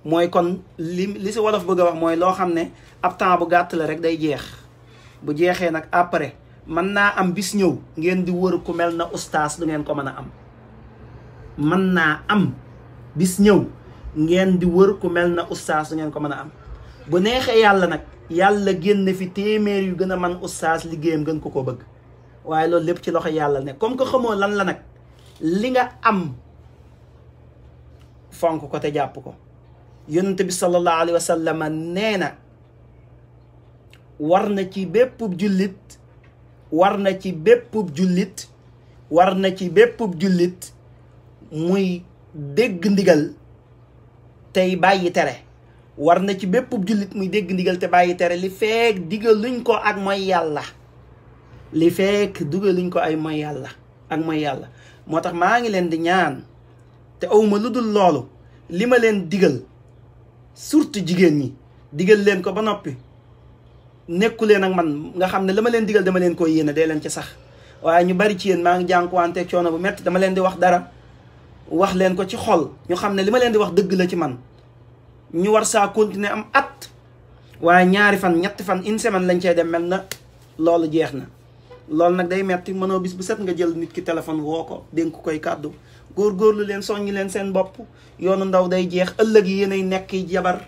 mooy kon li li si wolof bëgg a wax mooy loo xam ne ab temps bu gàtt la rek day jeex bu jeexee nag après mën naa am bis ñëw ngeen di wër ku mel na ustaas du ngeen ko mën a am mën naa am bis ñëw ngeen di wër ku mel na ustaas du ngeen ko mën a am bu neexee yàlla nag yàlla génn fi téeméer yu gën a man ustaas liggéeyam gën ko ko bëgg waaye loolu lépp ci loxo yàlla ne comme que xamoo lan la nag li nga am fonk ko te jàpp ko yonent bi sallallahu alayhi wa sallam nee na war na ci bépp jullit war na ci bépp jullit war na ci bépp jullit muy dégg ndigal tey bàyyi tere war na ci bépp jullit muy dégg ndigal te bàyyi tere li feek digaluñ ko ak mooy yàlla li feek dugaluñ ko ay mooy yàlla ak mooy yàlla moo tax maa ngi leen di ñaan te awma lu dul loolu li ma leen digal surtout jigéen ñi digal leen ko ba noppi nekku leen ak man nga xam ne ma leen digal dama leen koy yéene dee leen ci sax waaye ñu bari ci yéen maa ngi jànkuwante coono bu métti dama leen di wax dara wax leen ko ci xol ñu xam ne leen di wax dëgg la ci man ñu war saa continuer am at waaye ñaari fan ñetti fan une semaine lañ cey dem mel na loolu jeex na day metti mënoo bis bu set nga jël nit ki téléphone ko koy góorgóorlu leen soññi leen seen bopp yoonu ndaw day jeex ëllëg yéenay nekk jabar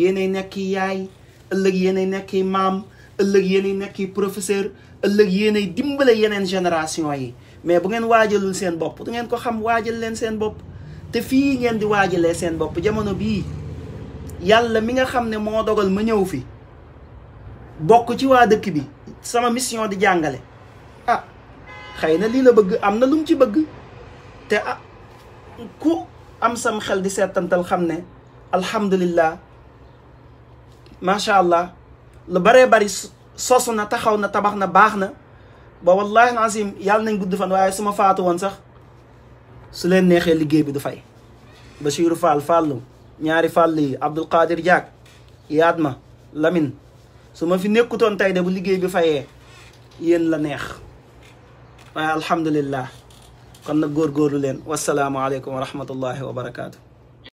yéenay nekk yaay ëllëg yéenay nekk maam ëllëg yéenay nekk professeur ëllëg yéenay dimbale yeneen génération yi mais bu ngeen waajalul seen bopp du ngeen ko xam waajal leen seen bopp te fii ngeen di waajalee seen bopp jamono bii yàlla mi nga xam ne moo dogal ma ñëw fi bokk ci waa dëkk bi sama mission di jàngale ah xëy na lii la bëgg am na lu ci bëgg te ah ku am sam xel di setantal xamne alhamdullilah alhamdulillah sha allah lu bare bari sosu na taxaw na tabax na baax na ba wallahi azim yal nañ gudd fan waye suma ma faatu woon sax su len nexé liggey bi du fay bashir Fall Fallu ñaari Fall yi Abdul Qadir jak yadma Lamine suma fi nekkutoon tay de bu liggey bi fayé yéen la neex waaye alhamdulillah قنا غور غور لين والسلام عليكم ورحمة الله وبركاته